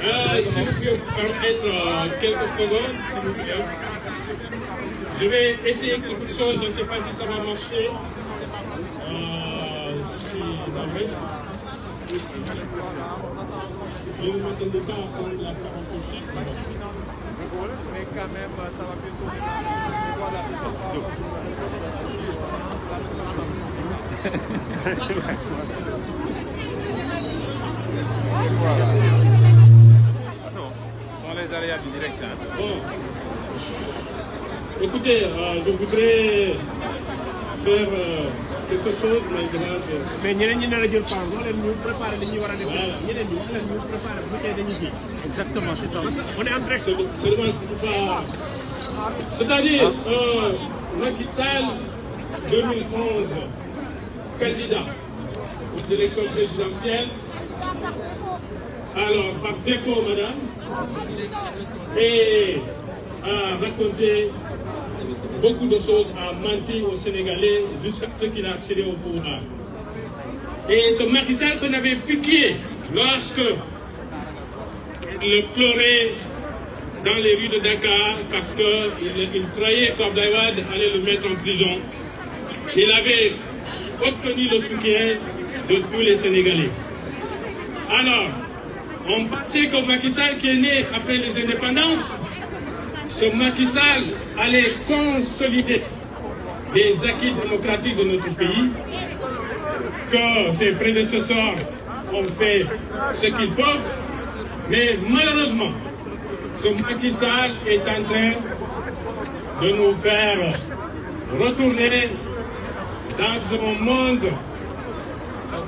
Euh, si vous pouvez vous permettre euh, quelques secondes, si vous voulez. Je vais essayer quelque chose, je ne sais pas si ça va marcher. Euh, si... Je ne m'attendais pas à prendre la parole Mais quand même, ça va plutôt démarrer. Voilà. directeur hein. Bon. Écoutez, euh, je voudrais faire euh, quelque chose, mais grave. Mais nous nous préparer, nous préparer, Exactement, c'est ça. On est en direct. C'est-à-dire, ah. euh, Macky 2011, candidat aux élections présidentielles. Alors, par défaut, madame, et a raconté beaucoup de choses, a menti aux Sénégalais jusqu'à ce qu'il a accédé au pouvoir. Et ce matin qu'on avait piqué lorsque il pleurait dans les rues de Dakar parce qu'il il croyait qu'Abdaïwad allait le mettre en prison. Il avait obtenu le soutien de tous les Sénégalais. Alors, on pensait que Macky Sall qui est né après les indépendances, ce Macky Sall allait consolider les acquis démocratiques de notre pays, que ses prédécesseurs ont fait ce qu'ils peuvent, mais malheureusement, ce Macky Sall est en train de nous faire retourner dans un monde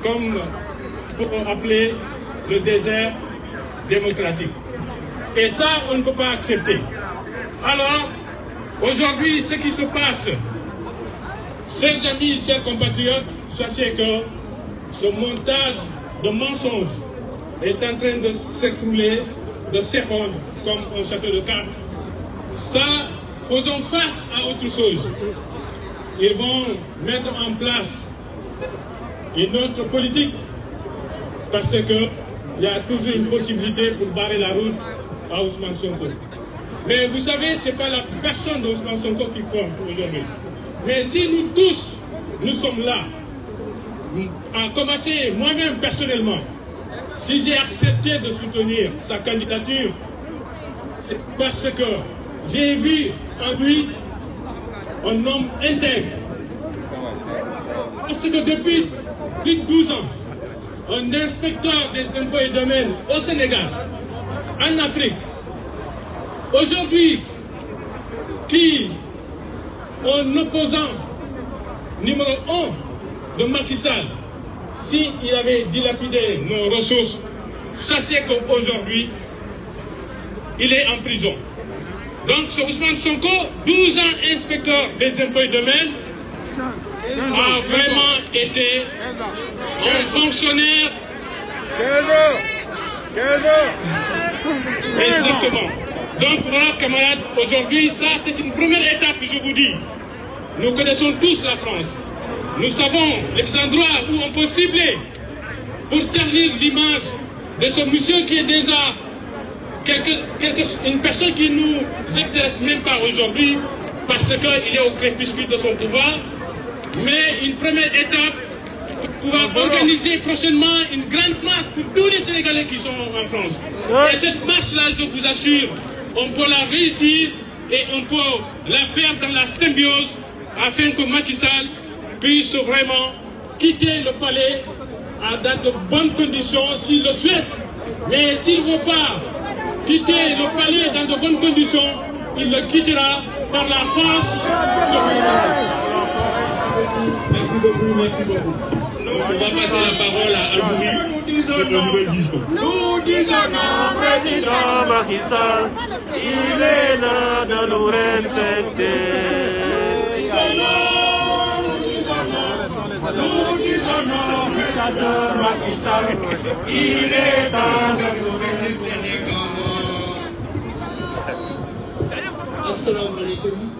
comme pour appeler le désert démocratique. Et ça, on ne peut pas accepter. Alors, aujourd'hui, ce qui se passe, chers amis, chers compatriotes, sachez que ce montage de mensonges est en train de s'écrouler, de s'effondrer comme un château de cartes. Ça, faisons face à autre chose. Ils vont mettre en place une autre politique parce que il y a toujours une possibilité pour barrer la route à Ousmane Sonko. Mais vous savez, ce n'est pas la personne d'Ousmane Sonko qui compte aujourd'hui. Mais si nous tous, nous sommes là, à commencer moi-même personnellement, si j'ai accepté de soutenir sa candidature, c'est parce que j'ai vu en lui un homme intègre. Parce que depuis plus de 12 ans, un inspecteur des impôts et domaines au Sénégal, en Afrique, aujourd'hui, qui en opposant numéro 1 de Macky Sall, s'il avait dilapidé nos ressources, sachez qu'aujourd'hui, il est en prison. Donc, ce Ousmane Sonko, 12 ans inspecteur des impôts et domaines, a vraiment été un fonctionnaire. Exactement. Donc voilà, camarades, aujourd'hui, ça, c'est une première étape, je vous dis. Nous connaissons tous la France. Nous savons les endroits où on peut cibler pour tenir l'image de ce monsieur qui est déjà une personne qui nous intéresse même pas aujourd'hui parce qu'il est au crépuscule de son pouvoir mais une première étape pouvoir organiser prochainement une grande marche pour tous les Sénégalais qui sont en France. Et cette marche-là, je vous assure, on peut la réussir et on peut la faire dans la symbiose afin que Macky Sall puisse vraiment quitter le palais dans de bonnes conditions s'il le souhaite. Mais s'il ne veut pas quitter le palais dans de bonnes conditions, il le quittera par la force. Nous, on va passer la parole à Albouri pour le nouvel Nous disons non, président Macky Sall, il est là dans nos de nous disons non, Nous disons non, président Macky Sall, il est temps de sauver le Sénégal. Assalamu alaikum.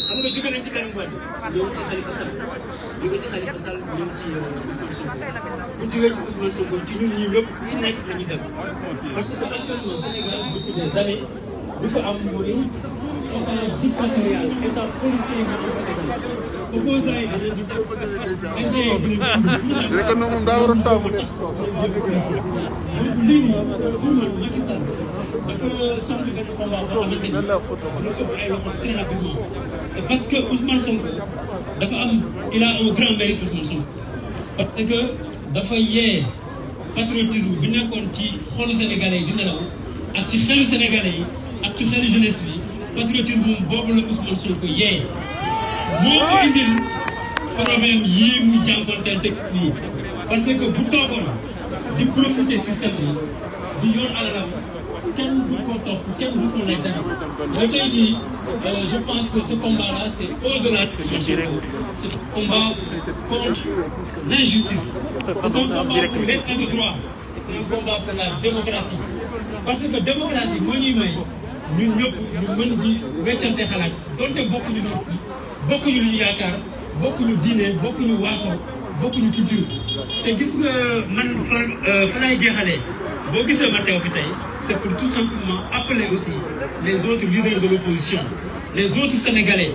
nga jóge nañ ci Karim Wade ñëw ci Khalifa Sall jóge ci Khalifa Sall ñëw ci euh, Ousmane Sonko bu ñu jógee ci Ousmane Sonko ci ñun ñii ñëpp ci nekk la ñu dem parce que actuellement Sénégal depuis des années li fa am mu ne otage dictatorial état policier nga am Sénégal opposant yi danañ di agent yi dinañ rek na moom daa waroon taamu ne lii pour man Macky Sall Parce que Ousmane Sonko, il a un grand mérite Ousmane Sonko. Parce que dafa yee patriotisme bi nekkoon ci xolu sénégalais yi di nelaw ak ci xelu sénégalais yi ak ci xelu jeunesse bi patriotisme y a Ousmane Sonko yee moo ko indil problème yii mu jànkonteel dëkk nii parce que bu il di profiter système bi di yoon alalam pour quel dit, je pense que ce combat-là, c'est au-delà de direct. C'est un combat contre l'injustice. C'est un combat pour l'état de droit. C'est un combat pour la démocratie. Parce que la démocratie, moi, ñun ñëpp beaucoup nous nous beaucoup de nous beaucoup de nous beaucoup de nous beaucoup de de culture Et gis nga man fa euh, lay ma c'est pour tout simplement appeler aussi les autres leaders de l'opposition les autres sénégalais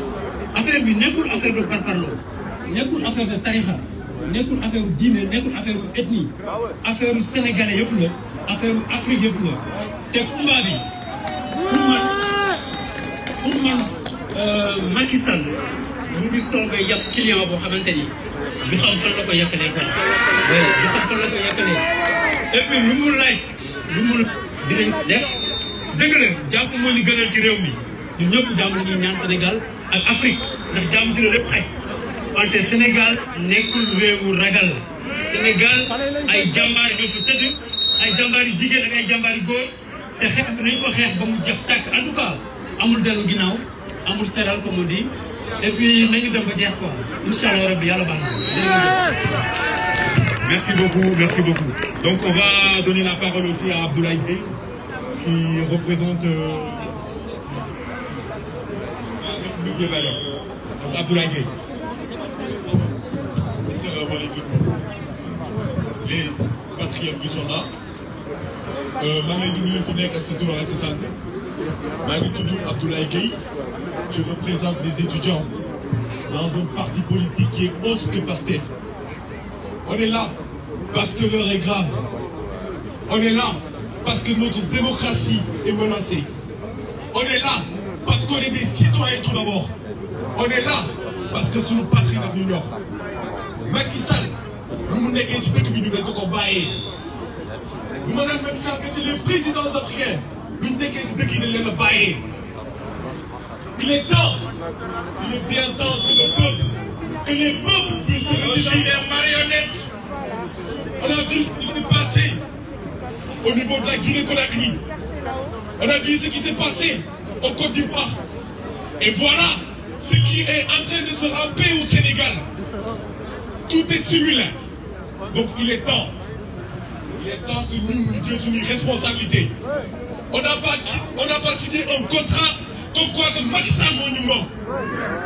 affaire bi n'importe affaire de parparloo n'importe affaire de tarixa n'importe affaire u diine nekkul affaire u ethnie affaire u sénégalais yëpp la affaire u Afrique yëpp la te combat bi pour man pour euh, Macky Sall mu ngi soog a yàq client boo xamante ni du xam fan la ko yàqalee quoi. du xam fan la lu mu laaj lu mu def dëgg la jàmm moo ñu gënal ci réew mi ñun ñëpp jàmm ñuy ñaan Sénégal ak Afrique ndax jàmm ci la lépp xaj. wante Sénégal nekkul réewu ragal Sénégal ay jàmbaar ñoo fi ay jàmbaari jigéen ak ay jàmbaari góor te xeex nañ ko xeex ba mu jeex tàkk en tout cas amul dellu ginnaaw. amul seral comme on dit et puis nañu dem ba jeex quoi incha allah rabbi merci beaucoup merci beaucoup. donc on va donner la parole aussi à Abdoulaye Gueye qui représente. Euh, de valeur. Abdoulaye Gueye. les patriotes qui sont là. maa ngi leen di nuyu ce nekk avec sa tur ak sa Abdoulaye Gueye je représente les étudiants dans un parti politique qui est autre que Pasteur. On est là parce que l'heure est grave. On est là parce que notre démocratie est menacée. On est là parce qu'on est des citoyens tout d'abord. On est là parce que c'est notre patrie de New York. Macky Sall, nous nous n'avons pas de minutes de combat. Nous, madame Macky Sall, c'est le présidents africains. Nous sommes pas de minutes de combat. Il est temps, il est bien temps que le peuple, que les peuples puissent se marionnettes. On a vu ce qui s'est passé au niveau de la Guinée-Conakry. On a vu ce qui s'est passé au Côte d'Ivoire. Et voilà ce qui est en train de se ramper au Sénégal. Tout est similaire. Donc il est temps. Il est temps que nous nous disions une responsabilité. On n'a pas, pas signé un contrat comme quoi que Macky Sall moo ñu moom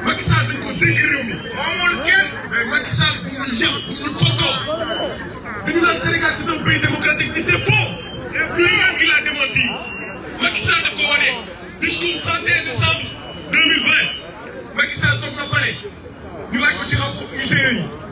Macky Sall dañ ko dénk réew mi amul kenn mais Macky Sall bu ñu yem bu ñu fottoo dañu naan Sénégal c'est un pays démocratique et c'est faux lui-même il a démenti Macky Sall daf ko wane discours 31 décembre 2020 Macky Sall toog na pare ñu laaj ko ci xam ñu yi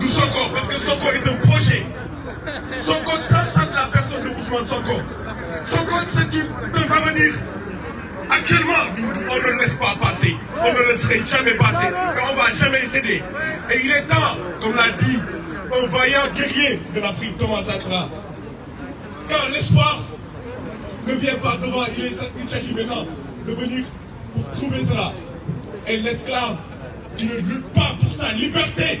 du Soko, parce que Soko est un projet. Soko transcende la personne de Ousmane Soko. Soko, c'est un avenir. Actuellement, on ne le laisse pas passer. On ne le laisserait jamais passer. on ne va jamais céder. Et il est temps, comme l'a dit un vaillant guerrier de l'Afrique, Thomas Sakra. quand l'espoir ne vient pas devant, il, il s'agit maintenant de venir pour trouver cela. Et l'esclave qui ne lutte pas pour sa liberté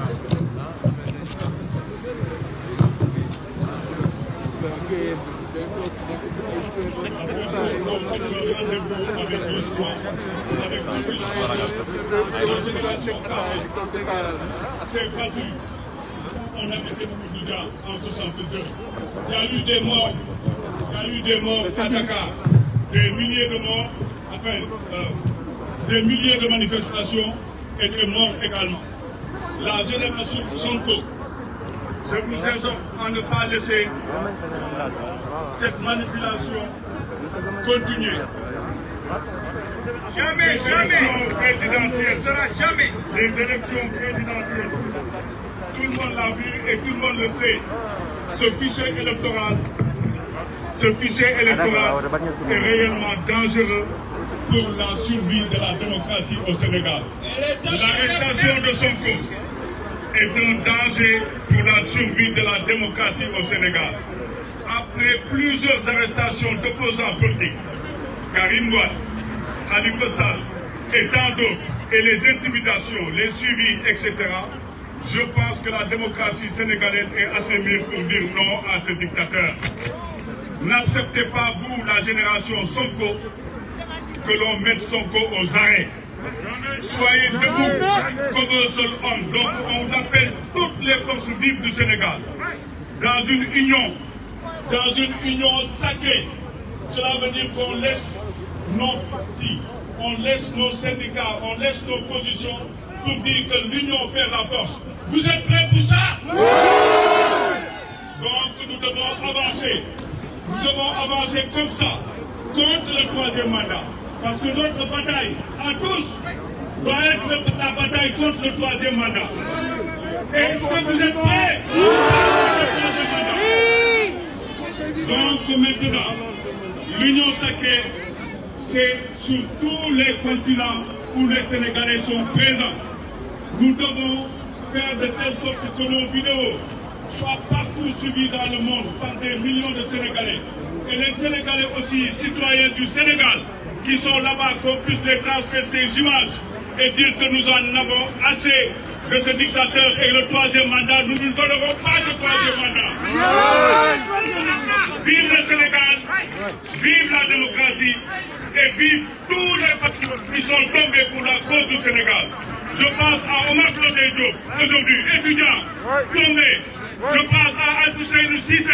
s'est battue. On a été beaucoup de en 62. Il y a eu des morts. Il y a eu des morts à Des milliers de morts, enfin, des milliers de manifestations et des morts également. La génération Santo, je vous exhorte à ne pas laisser cette manipulation continuer. Jamais, jamais, sera jamais les élections présidentielles. Tout le monde l'a vu et tout le monde le sait. Ce fichier électoral, ce fichier électoral ah, est réellement dangereux pour la survie de la démocratie au Sénégal. L'arrestation de son cause est un danger pour la survie de la démocratie au Sénégal après plusieurs arrestations d'opposants politiques, Karim Wad, Khalifa et tant d'autres, et les intimidations, les suivis, etc., je pense que la démocratie sénégalaise est assez mûre pour dire non à ce dictateurs. N'acceptez pas, vous, la génération Sonko, que l'on mette Sonko aux arrêts. Soyez debout comme un seul homme. Donc on appelle toutes les forces vives du Sénégal dans une union dans une union sacrée. Cela veut dire qu'on laisse nos partis, on laisse nos syndicats, on laisse nos positions pour dire que l'union fait la force. Vous êtes prêts pour ça Donc nous devons avancer. Nous devons avancer comme ça, contre le troisième mandat. Parce que notre bataille, à tous, doit être la bataille contre le troisième mandat. Est-ce que vous êtes prêts oui donc maintenant, l'union sacrée, c'est sur tous les continents où les Sénégalais sont présents. Nous devons faire de telle sorte que nos vidéos soient partout suivies dans le monde par des millions de Sénégalais. Et les Sénégalais aussi, citoyens du Sénégal, qui sont là-bas, qu'on puisse les transmettre ces images et dire que nous en avons assez de ce dictateur et le troisième mandat, nous ne donnerons pas ce troisième mandat. Vive le Sénégal, vive la démocratie et vive tous les patriotes qui sont tombés pour la cause du Sénégal. Je pense à Omar Claude aujourd'hui étudiant, tombé. Je pense à Al-Hussein Sissé,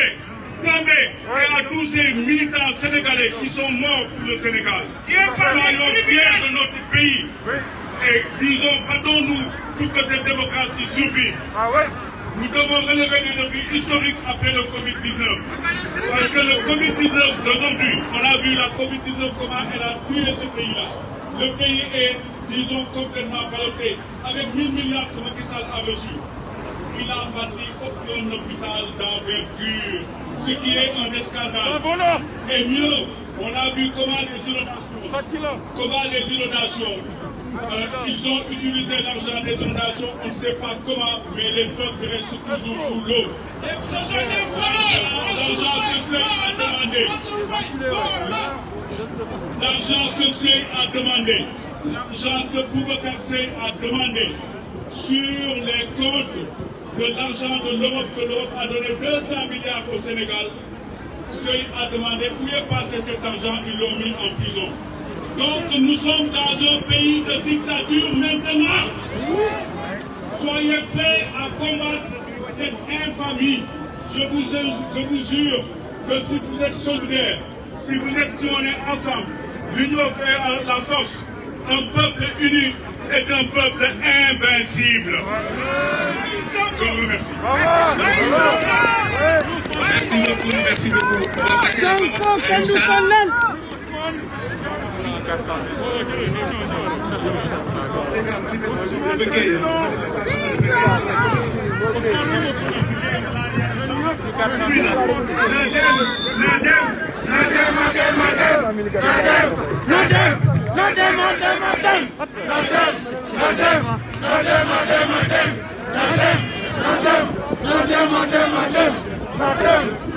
tombé. Et à tous ces militants sénégalais qui sont morts pour le Sénégal. Soyons fiers de notre pays. Et disons, battons-nous pour que cette démocratie survive. Ah Nous devons relever des défis historiques après le Covid-19. Parce que le Covid-19 d'aujourd'hui, on a vu la Covid-19 comment elle a tué ce pays-là. Le pays est, disons, complètement baloté. Avec 1000 milliards de Macky a reçu, il a bâti aucun hôpital d'envergure, ce qui est un scandale. Ah, Et mieux, on a vu comment les inondations, comment les inondations euh, ils ont utilisé l'argent des inondations, on ne sait pas comment, mais les peuples restent toujours sous l'eau. a demandé, L'argent que c'est a demandé, l'argent que Boubacar c'est a demandé, sur les comptes de l'argent de l'Europe, que l'Europe a donné 200 milliards au Sénégal, c'est a demandé où est passé cet argent, ils l'ont mis en prison. Donc nous sommes dans un pays de dictature maintenant. Soyez prêts à combattre cette infamie. Je vous, vous jure que si vous êtes solidaires, si vous êtes unis ensemble, l'union fait la force. Un peuple uni est un peuple invincible. Madame, madame, madame, madame,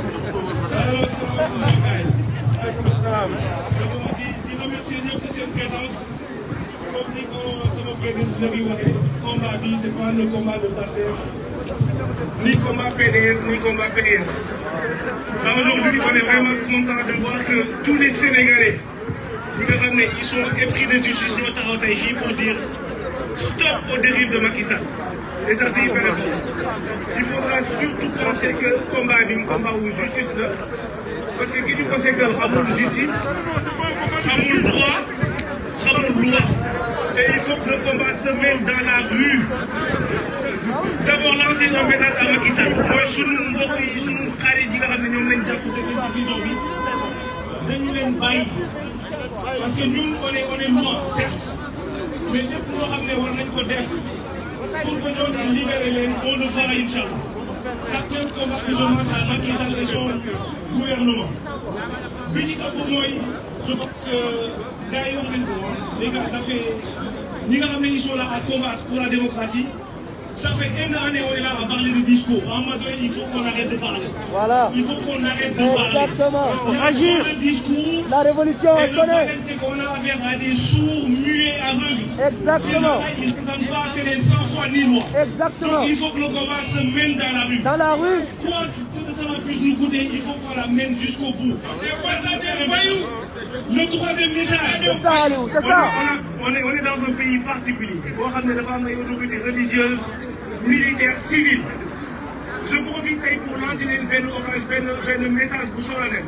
di remercier ñëpp de cette présence comme ni ko de prédécesseur yi On combat ce pas le combat de pasteur. ni combat PDS ni combat PDS. Aujourd'hui, on est vraiment content de voir que tous les Sénégalais ils sont épris de justice ñoo taxaw pour dire stop aux dérives de Macky et ça, c'est hyper important. Il faudra surtout penser que le combat est un combat où justice là. Parce que qui nous conseille que le combat Ramon justice, Ramon droit, Ramon droit Et il faut que le combat se mette dans la rue. D'abord, là, c'est un message à Macky Sall. Moi, je suis un peu plus carré, je suis un peu plus carré, je suis un peu plus carré, parce que nous, on est, on est morts, certes, mais nous, on est morts, on est morts, on est morts, pour que nous nous libéré leen on le fera incha certains combattent le mal à Macky Sall gouvernement. Mais gouvernement. bi ci pour moi, je crois que c'est un wax les gars ça fait Ni nga ils sont là à combattre pour la démocratie. Ça fait une année où est là à parler de discours. En mode, il faut qu'on arrête de parler. Voilà. Il faut qu'on arrête de Exactement. parler. Exactement. Agir. Le discours. La révolution Le problème, c'est qu'on a affaire à des sourds, muets, aveugles. Exactement. ils ne pas, c'est les sans foi ni loi. Exactement. Donc, il faut que l'on combat se mène dans la rue. Dans la rue. Quoi que ça puisse nous coûter, il faut qu'on la mène jusqu'au bout. Le troisième message. C'est ça, c'est ça. On est, dans un pays particulier. On va ramener dafa am une autorités religieuses militaires civiles. je profite pour lancer un message pour solennel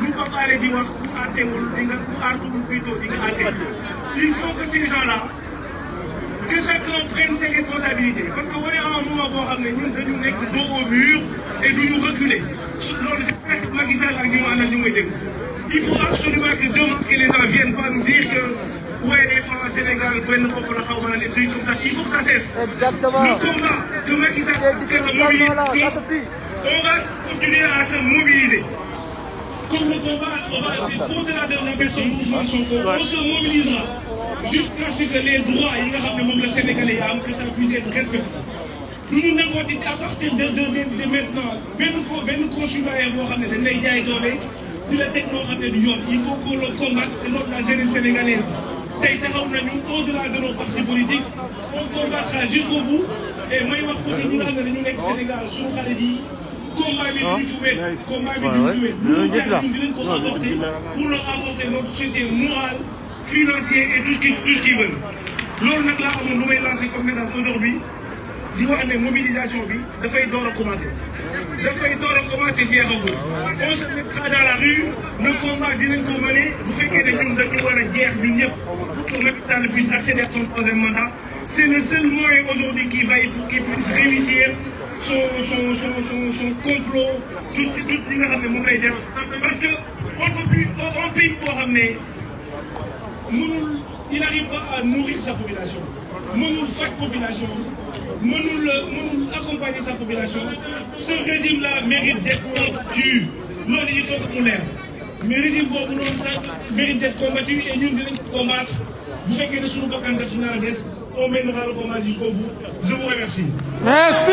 Nous ne pouvons pas aller dire pour di nga plutôt di il faut que ces gens là que chacun prenne ses responsabilités parce que à un moment boo nous ne nous mettre nekk dos au mur et nous reculer que vous nous nous il faut absolument que demain que les gens viennent pas nous dire que ouais les femmes au Sénégal, prennent le combat, les trucs comme ça. Il faut que ça cesse. Exactement. Le combat que il s'est mobilisé, on va continuer à se mobiliser. Comme le combat, on va au-delà de la personne mouvement on se mobilisera jusqu'à ce que les droits, il y a le monde sénégalais, que ça puisse être respecté. Nous, nous demandons qu'à à partir de maintenant nous nous benn à avoir des xam et il faut qu'on le combatte et la jeunesse sénégalaise au-delà de nos partis politiques on combattra jusqu'au bout et moi, je vais aussi ñu naan dañu le Sénégal sur le yi. combat bi duñu joué nous bi nous Nous ñun dinañ pour leur apporter notre soutien moral financier et tout ce qu'ils veulent. Nous, nous laa lancer comme message aujourd'hui di wax une mobilisation Il faut door commencer dafay door a commencé rouge. on se mettra dans la rue le combat d'une ko Vous faites des gens de dañu war la guerre du pour que Sall puisse accéder à son troisième mandat C'est le seul moyen aujourd'hui qui vaille pour qu'il puisse réussir son son son son son complot tout ce qu'il nga xam ne moom parce qu'on ne peut plus on pays peut pas ramener. il n'arrive pas à nourrir sa population nous chaque population nous accompagner sa population ce régime là mérite d'être combattu Nous, régime mérite d'être combattu et nous nous combattre vous savez que nous on mènera le combat jusqu'au bout je vous remercie. merci.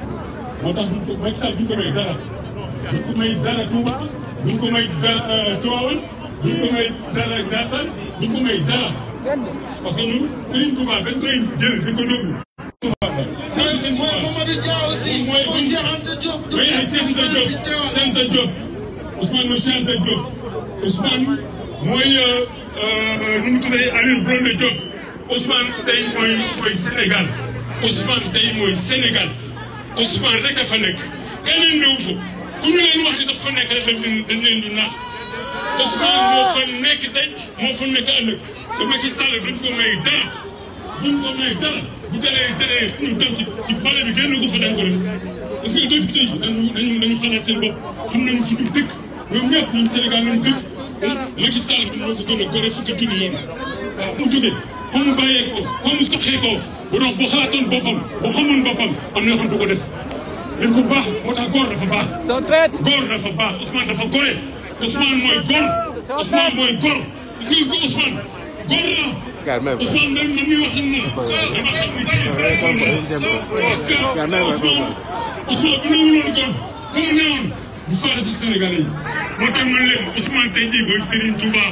moo tax duñ ko ko may dara duñ ko may dara Touba duñ ko may dara euh, Tivaouane duñ ko may dara Ndiassane duñ ko may dara parce que ñun Serigne Touba dañ koy jël di ko mooy Mamadou Dia aussi mooy Cheikh Anta Diop. mooy Cheikh Anta Diop Ousmane mooy Cheikh Anta Diop Ousmane mooy euh, euh, nu mu tuddee Aliou Blondé Diop Ousmane mooy mooy Sénégal Ousmane Ousmane rek a nekk keneen néew fa ku ñu leen wax ni dafa fa nekk rek dañ leen di naan Ousmane moo fa nekk tey moo fa nekk ëllëg te Macky Sall duñ ko may dara duñ ko may dara bu dalee dalee ñu dem ci ci palais bi génn ko fa dañ ko def parce que député yi dañu dañu dañu xalaat seen bopp xam nañu fi ñu dëkk ñoom ñëpp ñun a gore fukki junni yoon waaw mu jógee fa ودون بخاتن بوبم وخمن بوبم ام نيو خن دوكو ديف نيو كو باخ موتا غور دا فا باخ سون تريت غور دا فا باخ عثمان دا فا غور عثمان موي غور عثمان موي غور سي غو عثمان غور كار ميم عثمان ميم نمي واخ ني كار ميم عثمان عثمان نيو نون غور كوم نيون دي فار سي سينيغالي موتا مون لي عثمان تاي دي بو سيرين توبا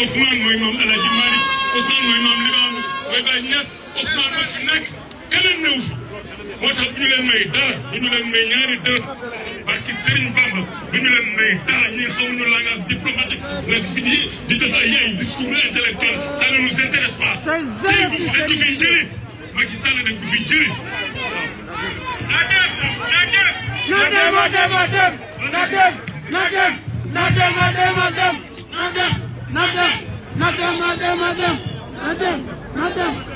عثمان موي مام الحاج مالك عثمان موي مام ليبام موي باي نيس Ousmane ne nek keneen ñu leen may dara ñu leen may ñaari deux barki Serigne Bamba ñu may dara ñi diplomatique fi di def ay discours ça ne nous intéresse pas. bu fi dañ ko na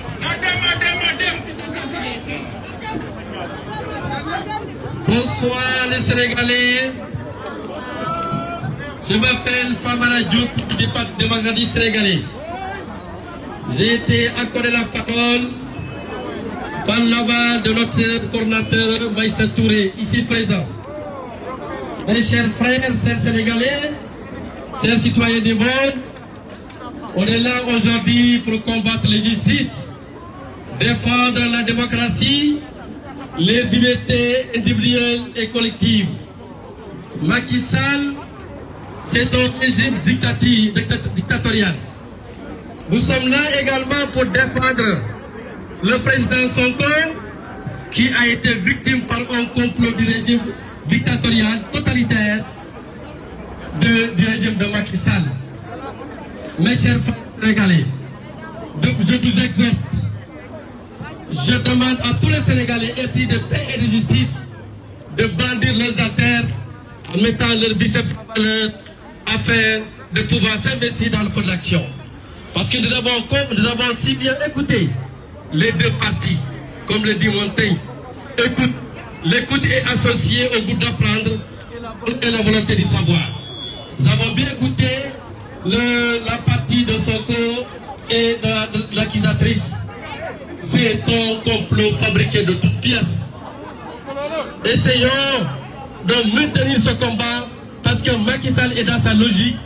Bonsoir les Sénégalais. Je m'appelle Famara Diop du de démocratique sénégalais. J'ai été accordé la parole par l'aval de notre coordinateur Maïssa Touré, ici présent. Mes chers frères, chers Sénégalais, chers citoyens du monde, on est là aujourd'hui pour combattre l'injustice défendre la démocratie, les libertés individuelles et collectives. Macky Sall, c'est un régime dictatorial. Nous sommes là également pour défendre le président Sonko, qui a été victime par un complot du régime dictatorial, totalitaire, du régime de Macky Sall. Mes chers frères régalés, je vous exemple je demande à tous les Sénégalais épris de paix et de justice de bandir leurs artères en mettant leurs biceps à l'heure afin de pouvoir s'investir dans le fond de l'action. Parce que nous avons, comme nous avons bien écouté les deux parties, comme le dit Montaigne. Écoute, l'écoute est associée au goût d'apprendre et la volonté de savoir. Nous avons bien écouté la partie de Soko et de, de c'est un complot fabriqué de toutes pièces. Essayons de maintenir ce combat parce que Macky Sall est dans sa logique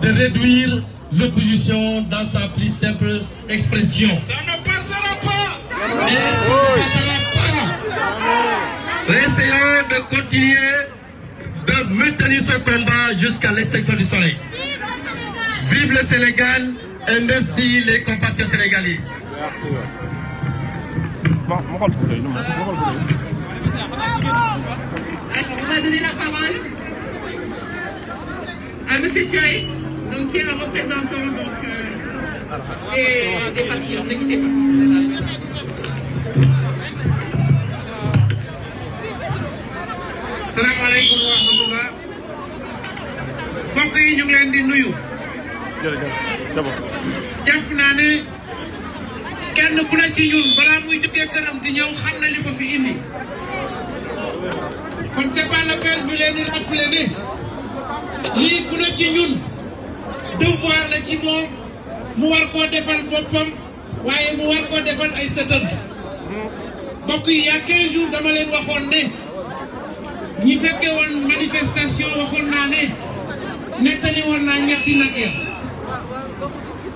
de réduire l'opposition dans sa plus simple expression. Ça ne passera pas. ça ne passera pas. Essayons de continuer de maintenir ce combat jusqu'à l'extinction du soleil. Vive le Sénégal et merci les compatriotes sénégalais. ma ma xool photo yi ma xool photo yi. On va donner la parole ah, à monsieur Thioye, donc qui est le représentant donc euh, et des papillons. Ne quittez pas. Salaamaaleykum wa rahmatullah. mbokk yi ñu ngi leen di nuyu. jërëjëf c'est bon. jàpp naa ne. kenn ku ne ci ñun balaa muy jógee këram di ñëw xam na li ko fi indi kon c'est pas la peine bu leen di rappeler ne lii ku ne ci ñun devoir la ci moom mu war koo defal boppam waaye mu war koo defal ay sëtën mbokk yi y'a 15 jours dama leen waxoon ne ñi fekke woon manifestation waxoon naa ne nettali woon naa ñetti nag ya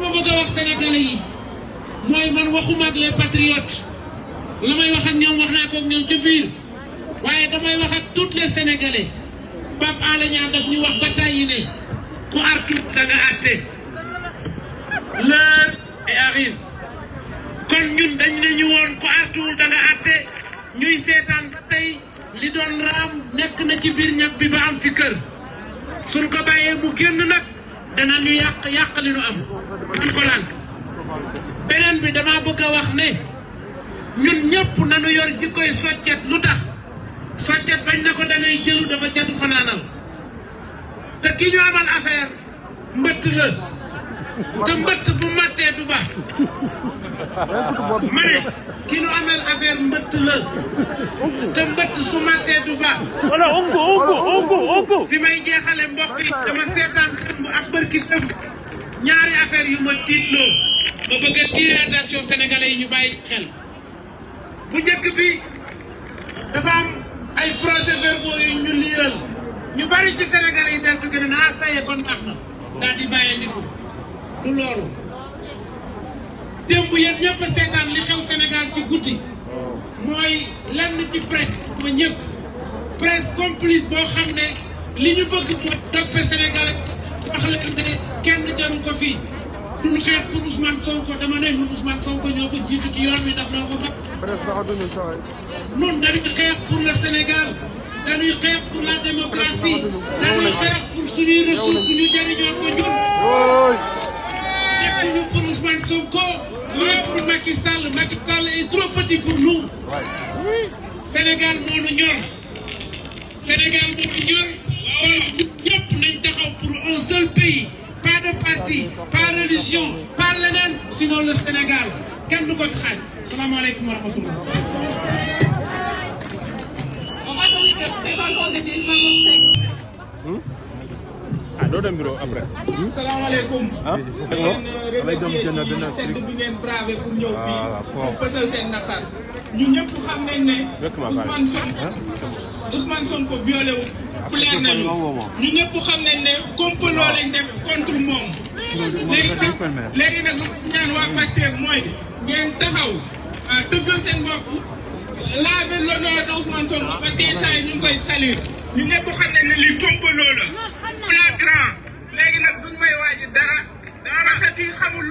ma bëgg a wax sénégalais yi mooy man waxuma ak les patriotes la may wax ak ñoom wax naa ko ak ñoom ca biir waaye damay wax ak toutes les sénégalais Pape Alé Niang daf ñu wax ba tàyyi ne ku artu da nga àtte l'heure est arrive kon ñun dañ ne ñu ku artuwul da nga àtte ñuy seetaan tey li doon raam nekk na ci biir ñag bi ba am fi kër suñ ko bàyyee mu génn nag dana ñu yàq yàq li ñu am duñ ko laal beneen bi dama bëgg a wax ne ñun ñëpp nañu yor jikkoy soccet lu tax soccet bañ na ko dangay jëlu dafa jatu fanaanal te ki ñu amal affaire mbëtt la te mbëtt bu mattee du baax ma ne ki nu amal affaire mbëtt la te su mattee du baax. wala ongu ongu ongu ongu. fi may jeexale mbokk yi seetaan dëmb ak bërki dëmb ñaari affaire yu ma tiitloo ma bëgg a tiire attention sénégalais ñu bàyyi xel. bu njëkk bi dafa am ay procès verbaux yu ñu liiral ñu bari ci sénégalais yi daal di gën a ah, na daal di bàyyi ndiku du loolu. démb yéen ñëpp a seetaan li xew Sénégal ci guddi mooy lenn ci presse ma ñëpp presse complice boo xam ne li ñu bëgg moo toppe Sénégal wax leen ne kenn jaru ko fii duñ xeex pour Ousmane Sonko dama ne xeex pour le Sénégal dañuy xeex pour la démocratie dañuy xeex pour suñuy ressources ñu jëriñoo ko ñun. jëriñu pour Ousmane Sonko L'œuvre Macky Sall, Macky Sall est trop petit pour nous. Oui. Sénégal mon union. Sénégal moo nu Nous kon nañ taxaw pour un seul pays. pas de parti pas de religion pas l'ENEM, sinon le Sénégal Que nous ko Salam xaaj. wa rahmatullah. On ah doo nous bureau ne. ne ah. contre l'honneur de Ousmane Sonko parce ne plan grand léegi nag duñ may waaji dara dara xati xamul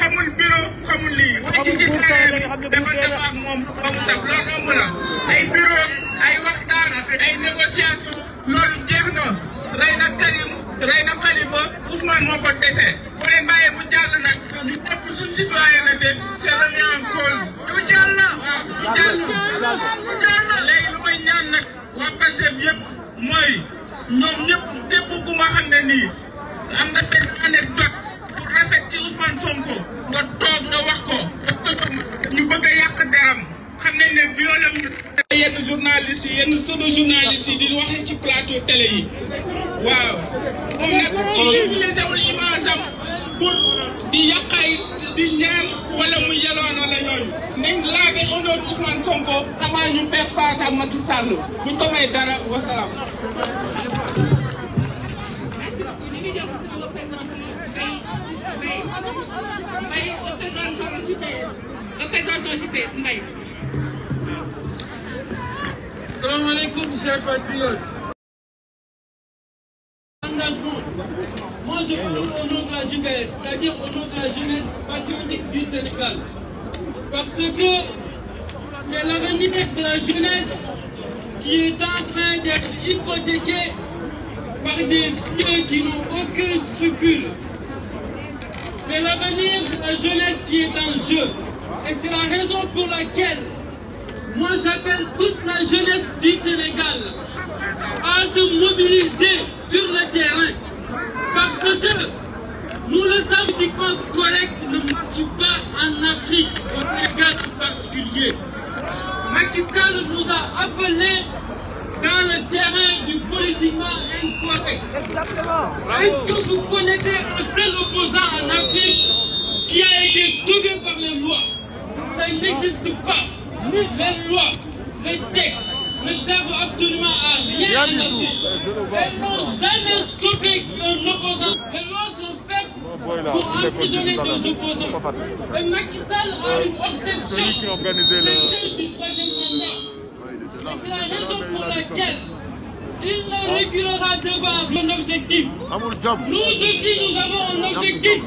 xamul bureau xamul lii waaye ci gis naa leen dafa def ak moom ba mu saf loolu romb la ay bureau ay waxtaan ay négociation loolu jeex na rey na Karim rey na Khalifa moo ko dese bu leen mu jàll nag ñu topp suñ citoyenneté c'est remis en cause du jàll du jàll léegi lu may ñaan nag waa Pastef yëpp mooy ñoom ñëpp képp ku nga xam ne nii am na benn anecdote bu rafet ci Ousmane Sonko nga toog na wax ko parce que ñu bëgg a yàq deram xam nañ yenn journaliste yi yenn pseudo journaliste yi di waxee ci plateau télé yi waaw moom nag utiliser wul image pour di yàqaay di ñaan wala muy yalwaan wala yooyu nañ laage honneur Ousmane Sonko avant ñu perdre face ak Macky Sall buñ ko may dara wasalaam. Salaamaaleykum chers patriotes. Engagement. je parle au nom de la jeunesse, c'est-à-dire au nom de la jeunesse patriotique du Sénégal. Parce que c'est l'avenir de la jeunesse qui est en train d'être hypothéqué par des vieux qui n'ont aucun scrupule. C'est l'avenir de la jeunesse qui est en jeu. Et c'est la raison pour laquelle moi j'appelle toute la jeunesse du Sénégal à se mobiliser sur le terrain parce que nous le savons que le collecte ne marche pas en Afrique, au Sénégal en particulier. Macky nous a appelés dans le terrain du politiquement incorrect. Exactement. Est-ce que vous connaissez un seul opposant en Afrique qui a été sauvé par les lois Ça n'existe pas. Les lois, les textes, nous servent absolument à rien à tout. Elles n'ont jamais stoppé un opposant. Elles lois sont faites pour emprisonner des opposants. Et Macky a une obsession. C'est celle du troisième mandat. C'est la raison pour laquelle il ne ah. reculera devant mon objectif. Nous aussi, nous avons un objectif.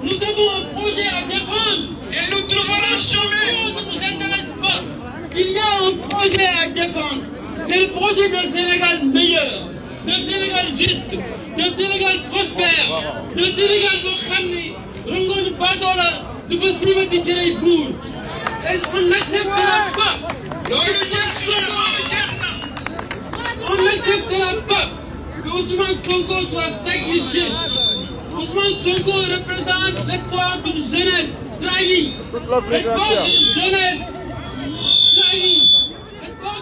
Nous avons un projet à défendre. Et nous trouverons jamais. chemin projet à défendre, c'est le projet d'un Sénégal meilleur, d'un Sénégal juste, d'un Sénégal prospère, d'un Sénégal boo Khamni, ni de baadoo du fa siiba di et on n'acceptera pas. on n'acceptera pas que Ousmane Sonko soit sacrifié. Ousmane Sonko représente l'espoir d'une jeunesse trahie, l'espoir d'une jeunesse trahie.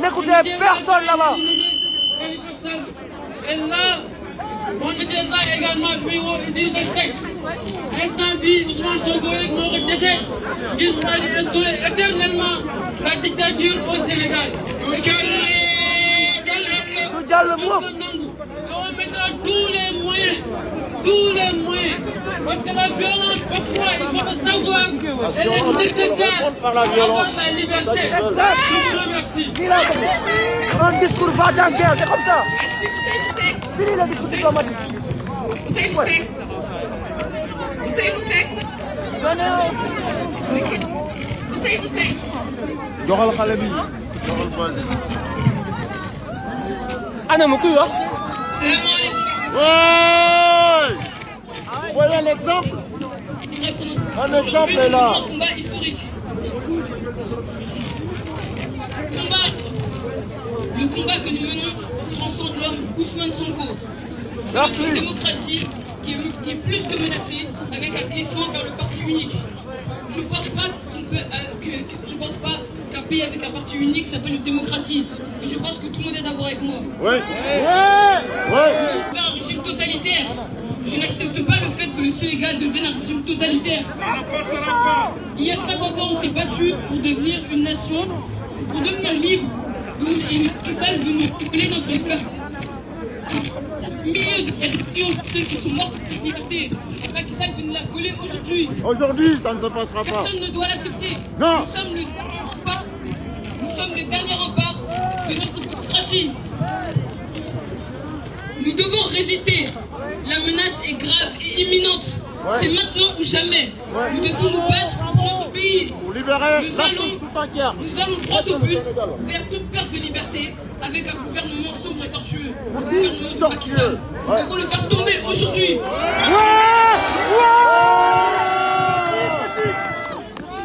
N'écoutez personne là-bas. Et là, on était là également puis et dit le ça, dit, nous Ousmane Sonko et Moro Dessé, ils Nous allons éternellement la dictature au Sénégal. Nous allons mettre tous les moyens tout moi Parce que la violence, pourquoi il faut le Elle la la Un discours va c'est comme ça. Fini la discours Vous savez c'est Vous savez Vous savez voilà l'exemple Un exemple est là. combat historique. Le combat que nous menons transcende l'homme Ousmane Sonko. C'est notre démocratie qui est, plus que menacée avec un glissement vers le parti unique. Je pense pas qu'on peut, euh, je pense pas un pays avec un parti unique s'appelle une démocratie. Et je pense que tout le monde est d'accord avec moi. Oui Ouais. Ouais. un régime totalitaire. Je n'accepte pas le fait que le Sénégal devienne un régime totalitaire. Il y a 50 ans, on s'est battus pour devenir une nation, pour devenir libre. Et qui veut de nous couper notre peuple. Millions de ceux qui sont morts pour cette liberté. Pas qui savent nous la coller aujourd'hui. Aujourd'hui, ça ne se passera pas. Personne ne doit l'accepter. Non. Nous sommes le nous sommes les derniers remparts de notre démocratie. Nous devons résister. La menace est grave et imminente. C'est maintenant ou jamais. Nous devons nous battre pour notre pays. Nous allons, nous allons droit au but, vers toute perte de liberté, avec un gouvernement sombre et tortueux. Le gouvernement de Nous devons le faire tomber aujourd'hui.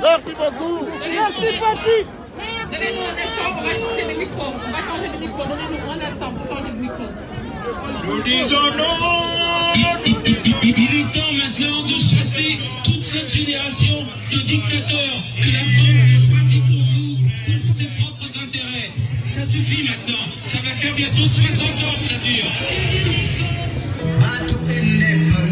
Merci beaucoup. Merci Patrick. Donnez-nous un instant, on va changer de micro. On va changer de micro. Donnez-nous un instant pour changer de micro. Nous disons non il, est temps maintenant de chasser toute cette génération de dictateurs que la France a choisi pour vous, pour ses propres intérêts. Ça suffit maintenant. Ça va faire bientôt 60 ans que ça dure.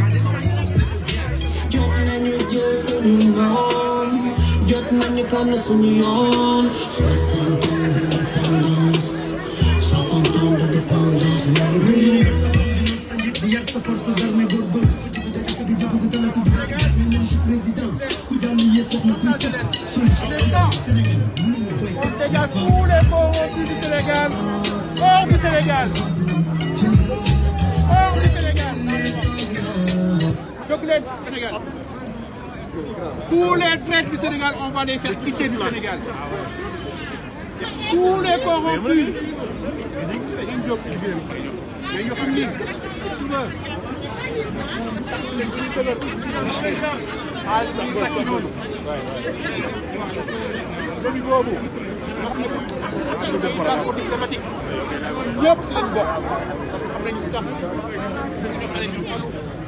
liman Götmen yıkanlı sunuyor 60 ans de dépendance Senegal, Senegal, Sénégal Sénégal Sénégal Tous les traîtres du Sénégal, on va les faire quitter du Sénégal. Tous les corrompus.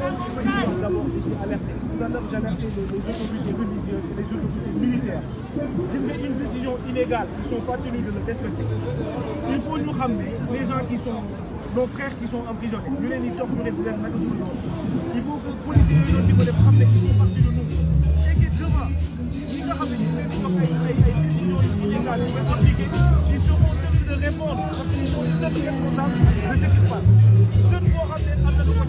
Nous avons alerté. Tout à l'heure, j'ai alerté les, autorités religieuses et les autorités militaires. J'ai une décision illégale. Ils ne sont pas tenus de le respecter. Il faut nous ramener les gens qui sont nos frères qui sont emprisonnés. Nous les torturés, nous les magasins. Il faut que les policiers et les gens les ramener, qui sont partis de nous. Et que demain, nous avons une décision illégale qui va appliquer. Ils seront tenus de répondre parce qu'ils sont les seuls responsables de ce qui se passe. Je ne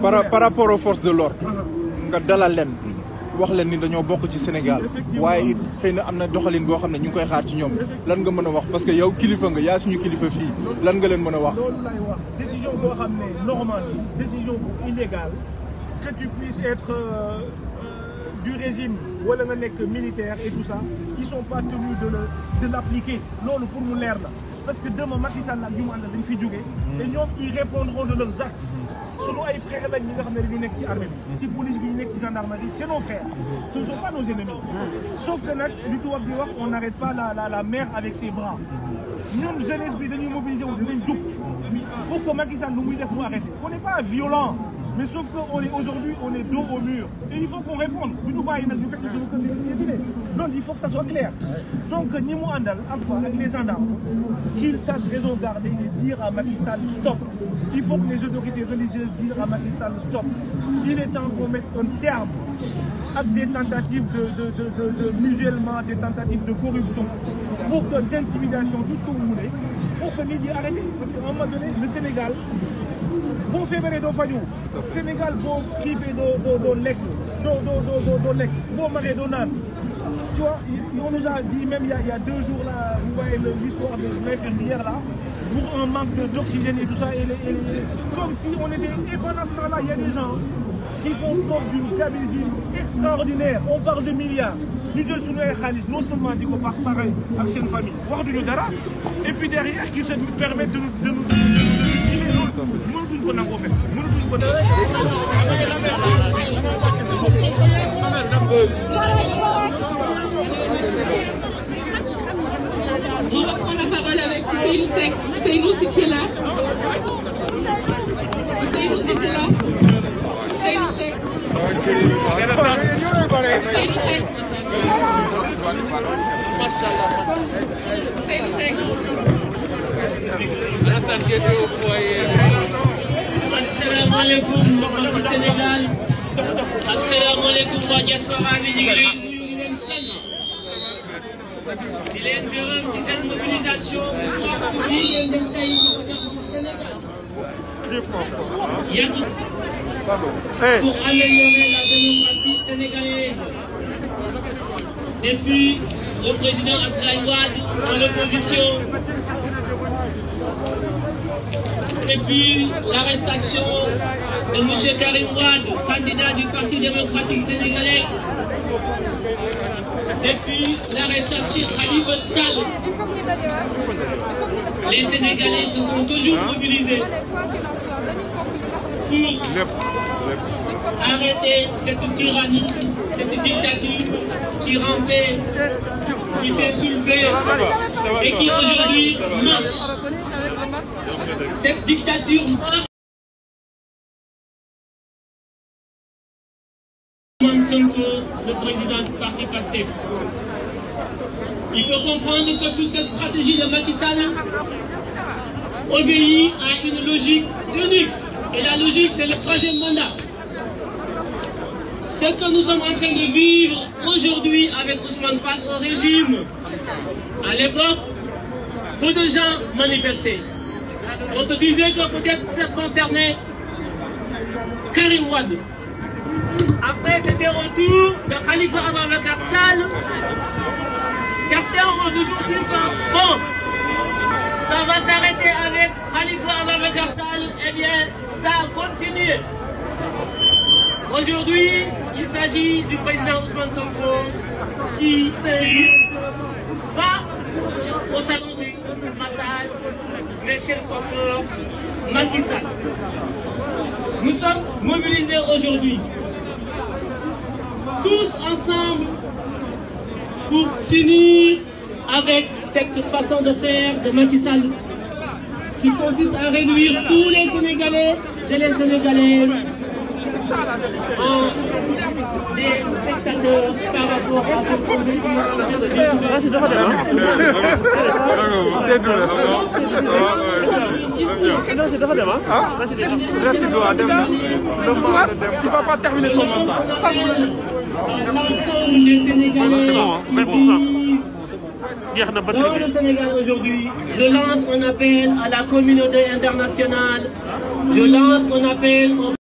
par rapport aux forces de l'ordre nga wax len Sénégal waaye it xëy des choses parce que yow kilifa nga suñu kilifa lan nga leen décision normale décision illégale que tu puisses être euh, euh, du régime wala nga que militaire et tout ça ils sont pas tenus de l'appliquer Non, pour mu leer parce que demain Macky Sall ak fait mm. et ils répondront de leurs actes sont ay frères là, ñi nga xam ne dañu ci armée police gendarmerie c'est nos frères ce ne sont pas nos ennemis sauf que nous, on n'arrête pas la la la mer avec ses bras Nous, jeunesse nous dañuy mobiliser wu pour que Macky nous arrête. muy def on n'est pas violent mais sauf que on est aujourd'hui on est dos au mur et il faut qu'on réponde du ñu donc il faut que ça soit clair donc ñi moi, Andal, am fois les gendarmes qu'ils sachent raison garder et dire à Macky stop il faut que les autorités religieuses disent à le stop. Il est temps qu'on mette un terme à des tentatives de, de, de, de musulmans, des tentatives de corruption, d'intimidation, tout ce que vous voulez, pour que les arrêtez. Parce qu'à un moment donné, le Sénégal, bon feebaree Fayou, le Sénégal bon xiifee fait doo doo lekk doo de tu vois on nous a dit même il y a, il y a deux jours là vous voyez l'histoire de l'infirmière là pour un manque d'oxygène et tout ça. Et comme si on était... Et pendant ce temps-là, il y a des gens qui font preuve d'une cabésine extraordinaire. On parle de milliards. Nous, de sous le non seulement di qu'on baax pareil famille voire du dara et puis derrière qui se permettent de de nous parole avec vous c'est nous si tu es là. nous si tu es là. Les mobilisation pour améliorer la démocratie sénégalaise. Depuis le président Abdoulaye Wade dans l'opposition, depuis l'arrestation de M. Karim Wade, candidat du Parti démocratique sénégalais, depuis l'arrestation de Sall. Les Sénégalais se sont toujours mobilisés pour arrêter cette tyrannie, cette dictature qui rampait, qui s'est soulevée et qui aujourd'hui marche. Cette dictature marche le président du parti PASTEF. Il faut comprendre que toute stratégie de Macky Sall obéit à une logique unique. Et la logique, c'est le troisième mandat. Ce que nous sommes en train de vivre aujourd'hui avec Ousmane face au régime, à l'époque, peu de gens manifestaient. On se disait que peut-être ça concernait Karim Wade. Après, c'était retour de Khalifa Ababakar Certains ont toujours dit bon, ça va s'arrêter avec Khalifa Ababakar Eh bien, ça continue. Aujourd'hui, il s'agit du président Ousmane Sonko qui s'invite pas au salon du Massal, mais chez le coiffeur Nous sommes mobilisés aujourd'hui tous ensemble pour finir avec cette façon de faire de Macky Sall qui consiste à réduire tous les Sénégalais et les Sénégalaises en des spectateurs par rapport à ce projet. Il ne va pas terminer son mandat. Ça, je vous le dis l'ensemble des Sénégalais C'est bon, hein, c'est bon Dans le Sénégal aujourd'hui, je lance un appel à la communauté internationale, je lance un appel au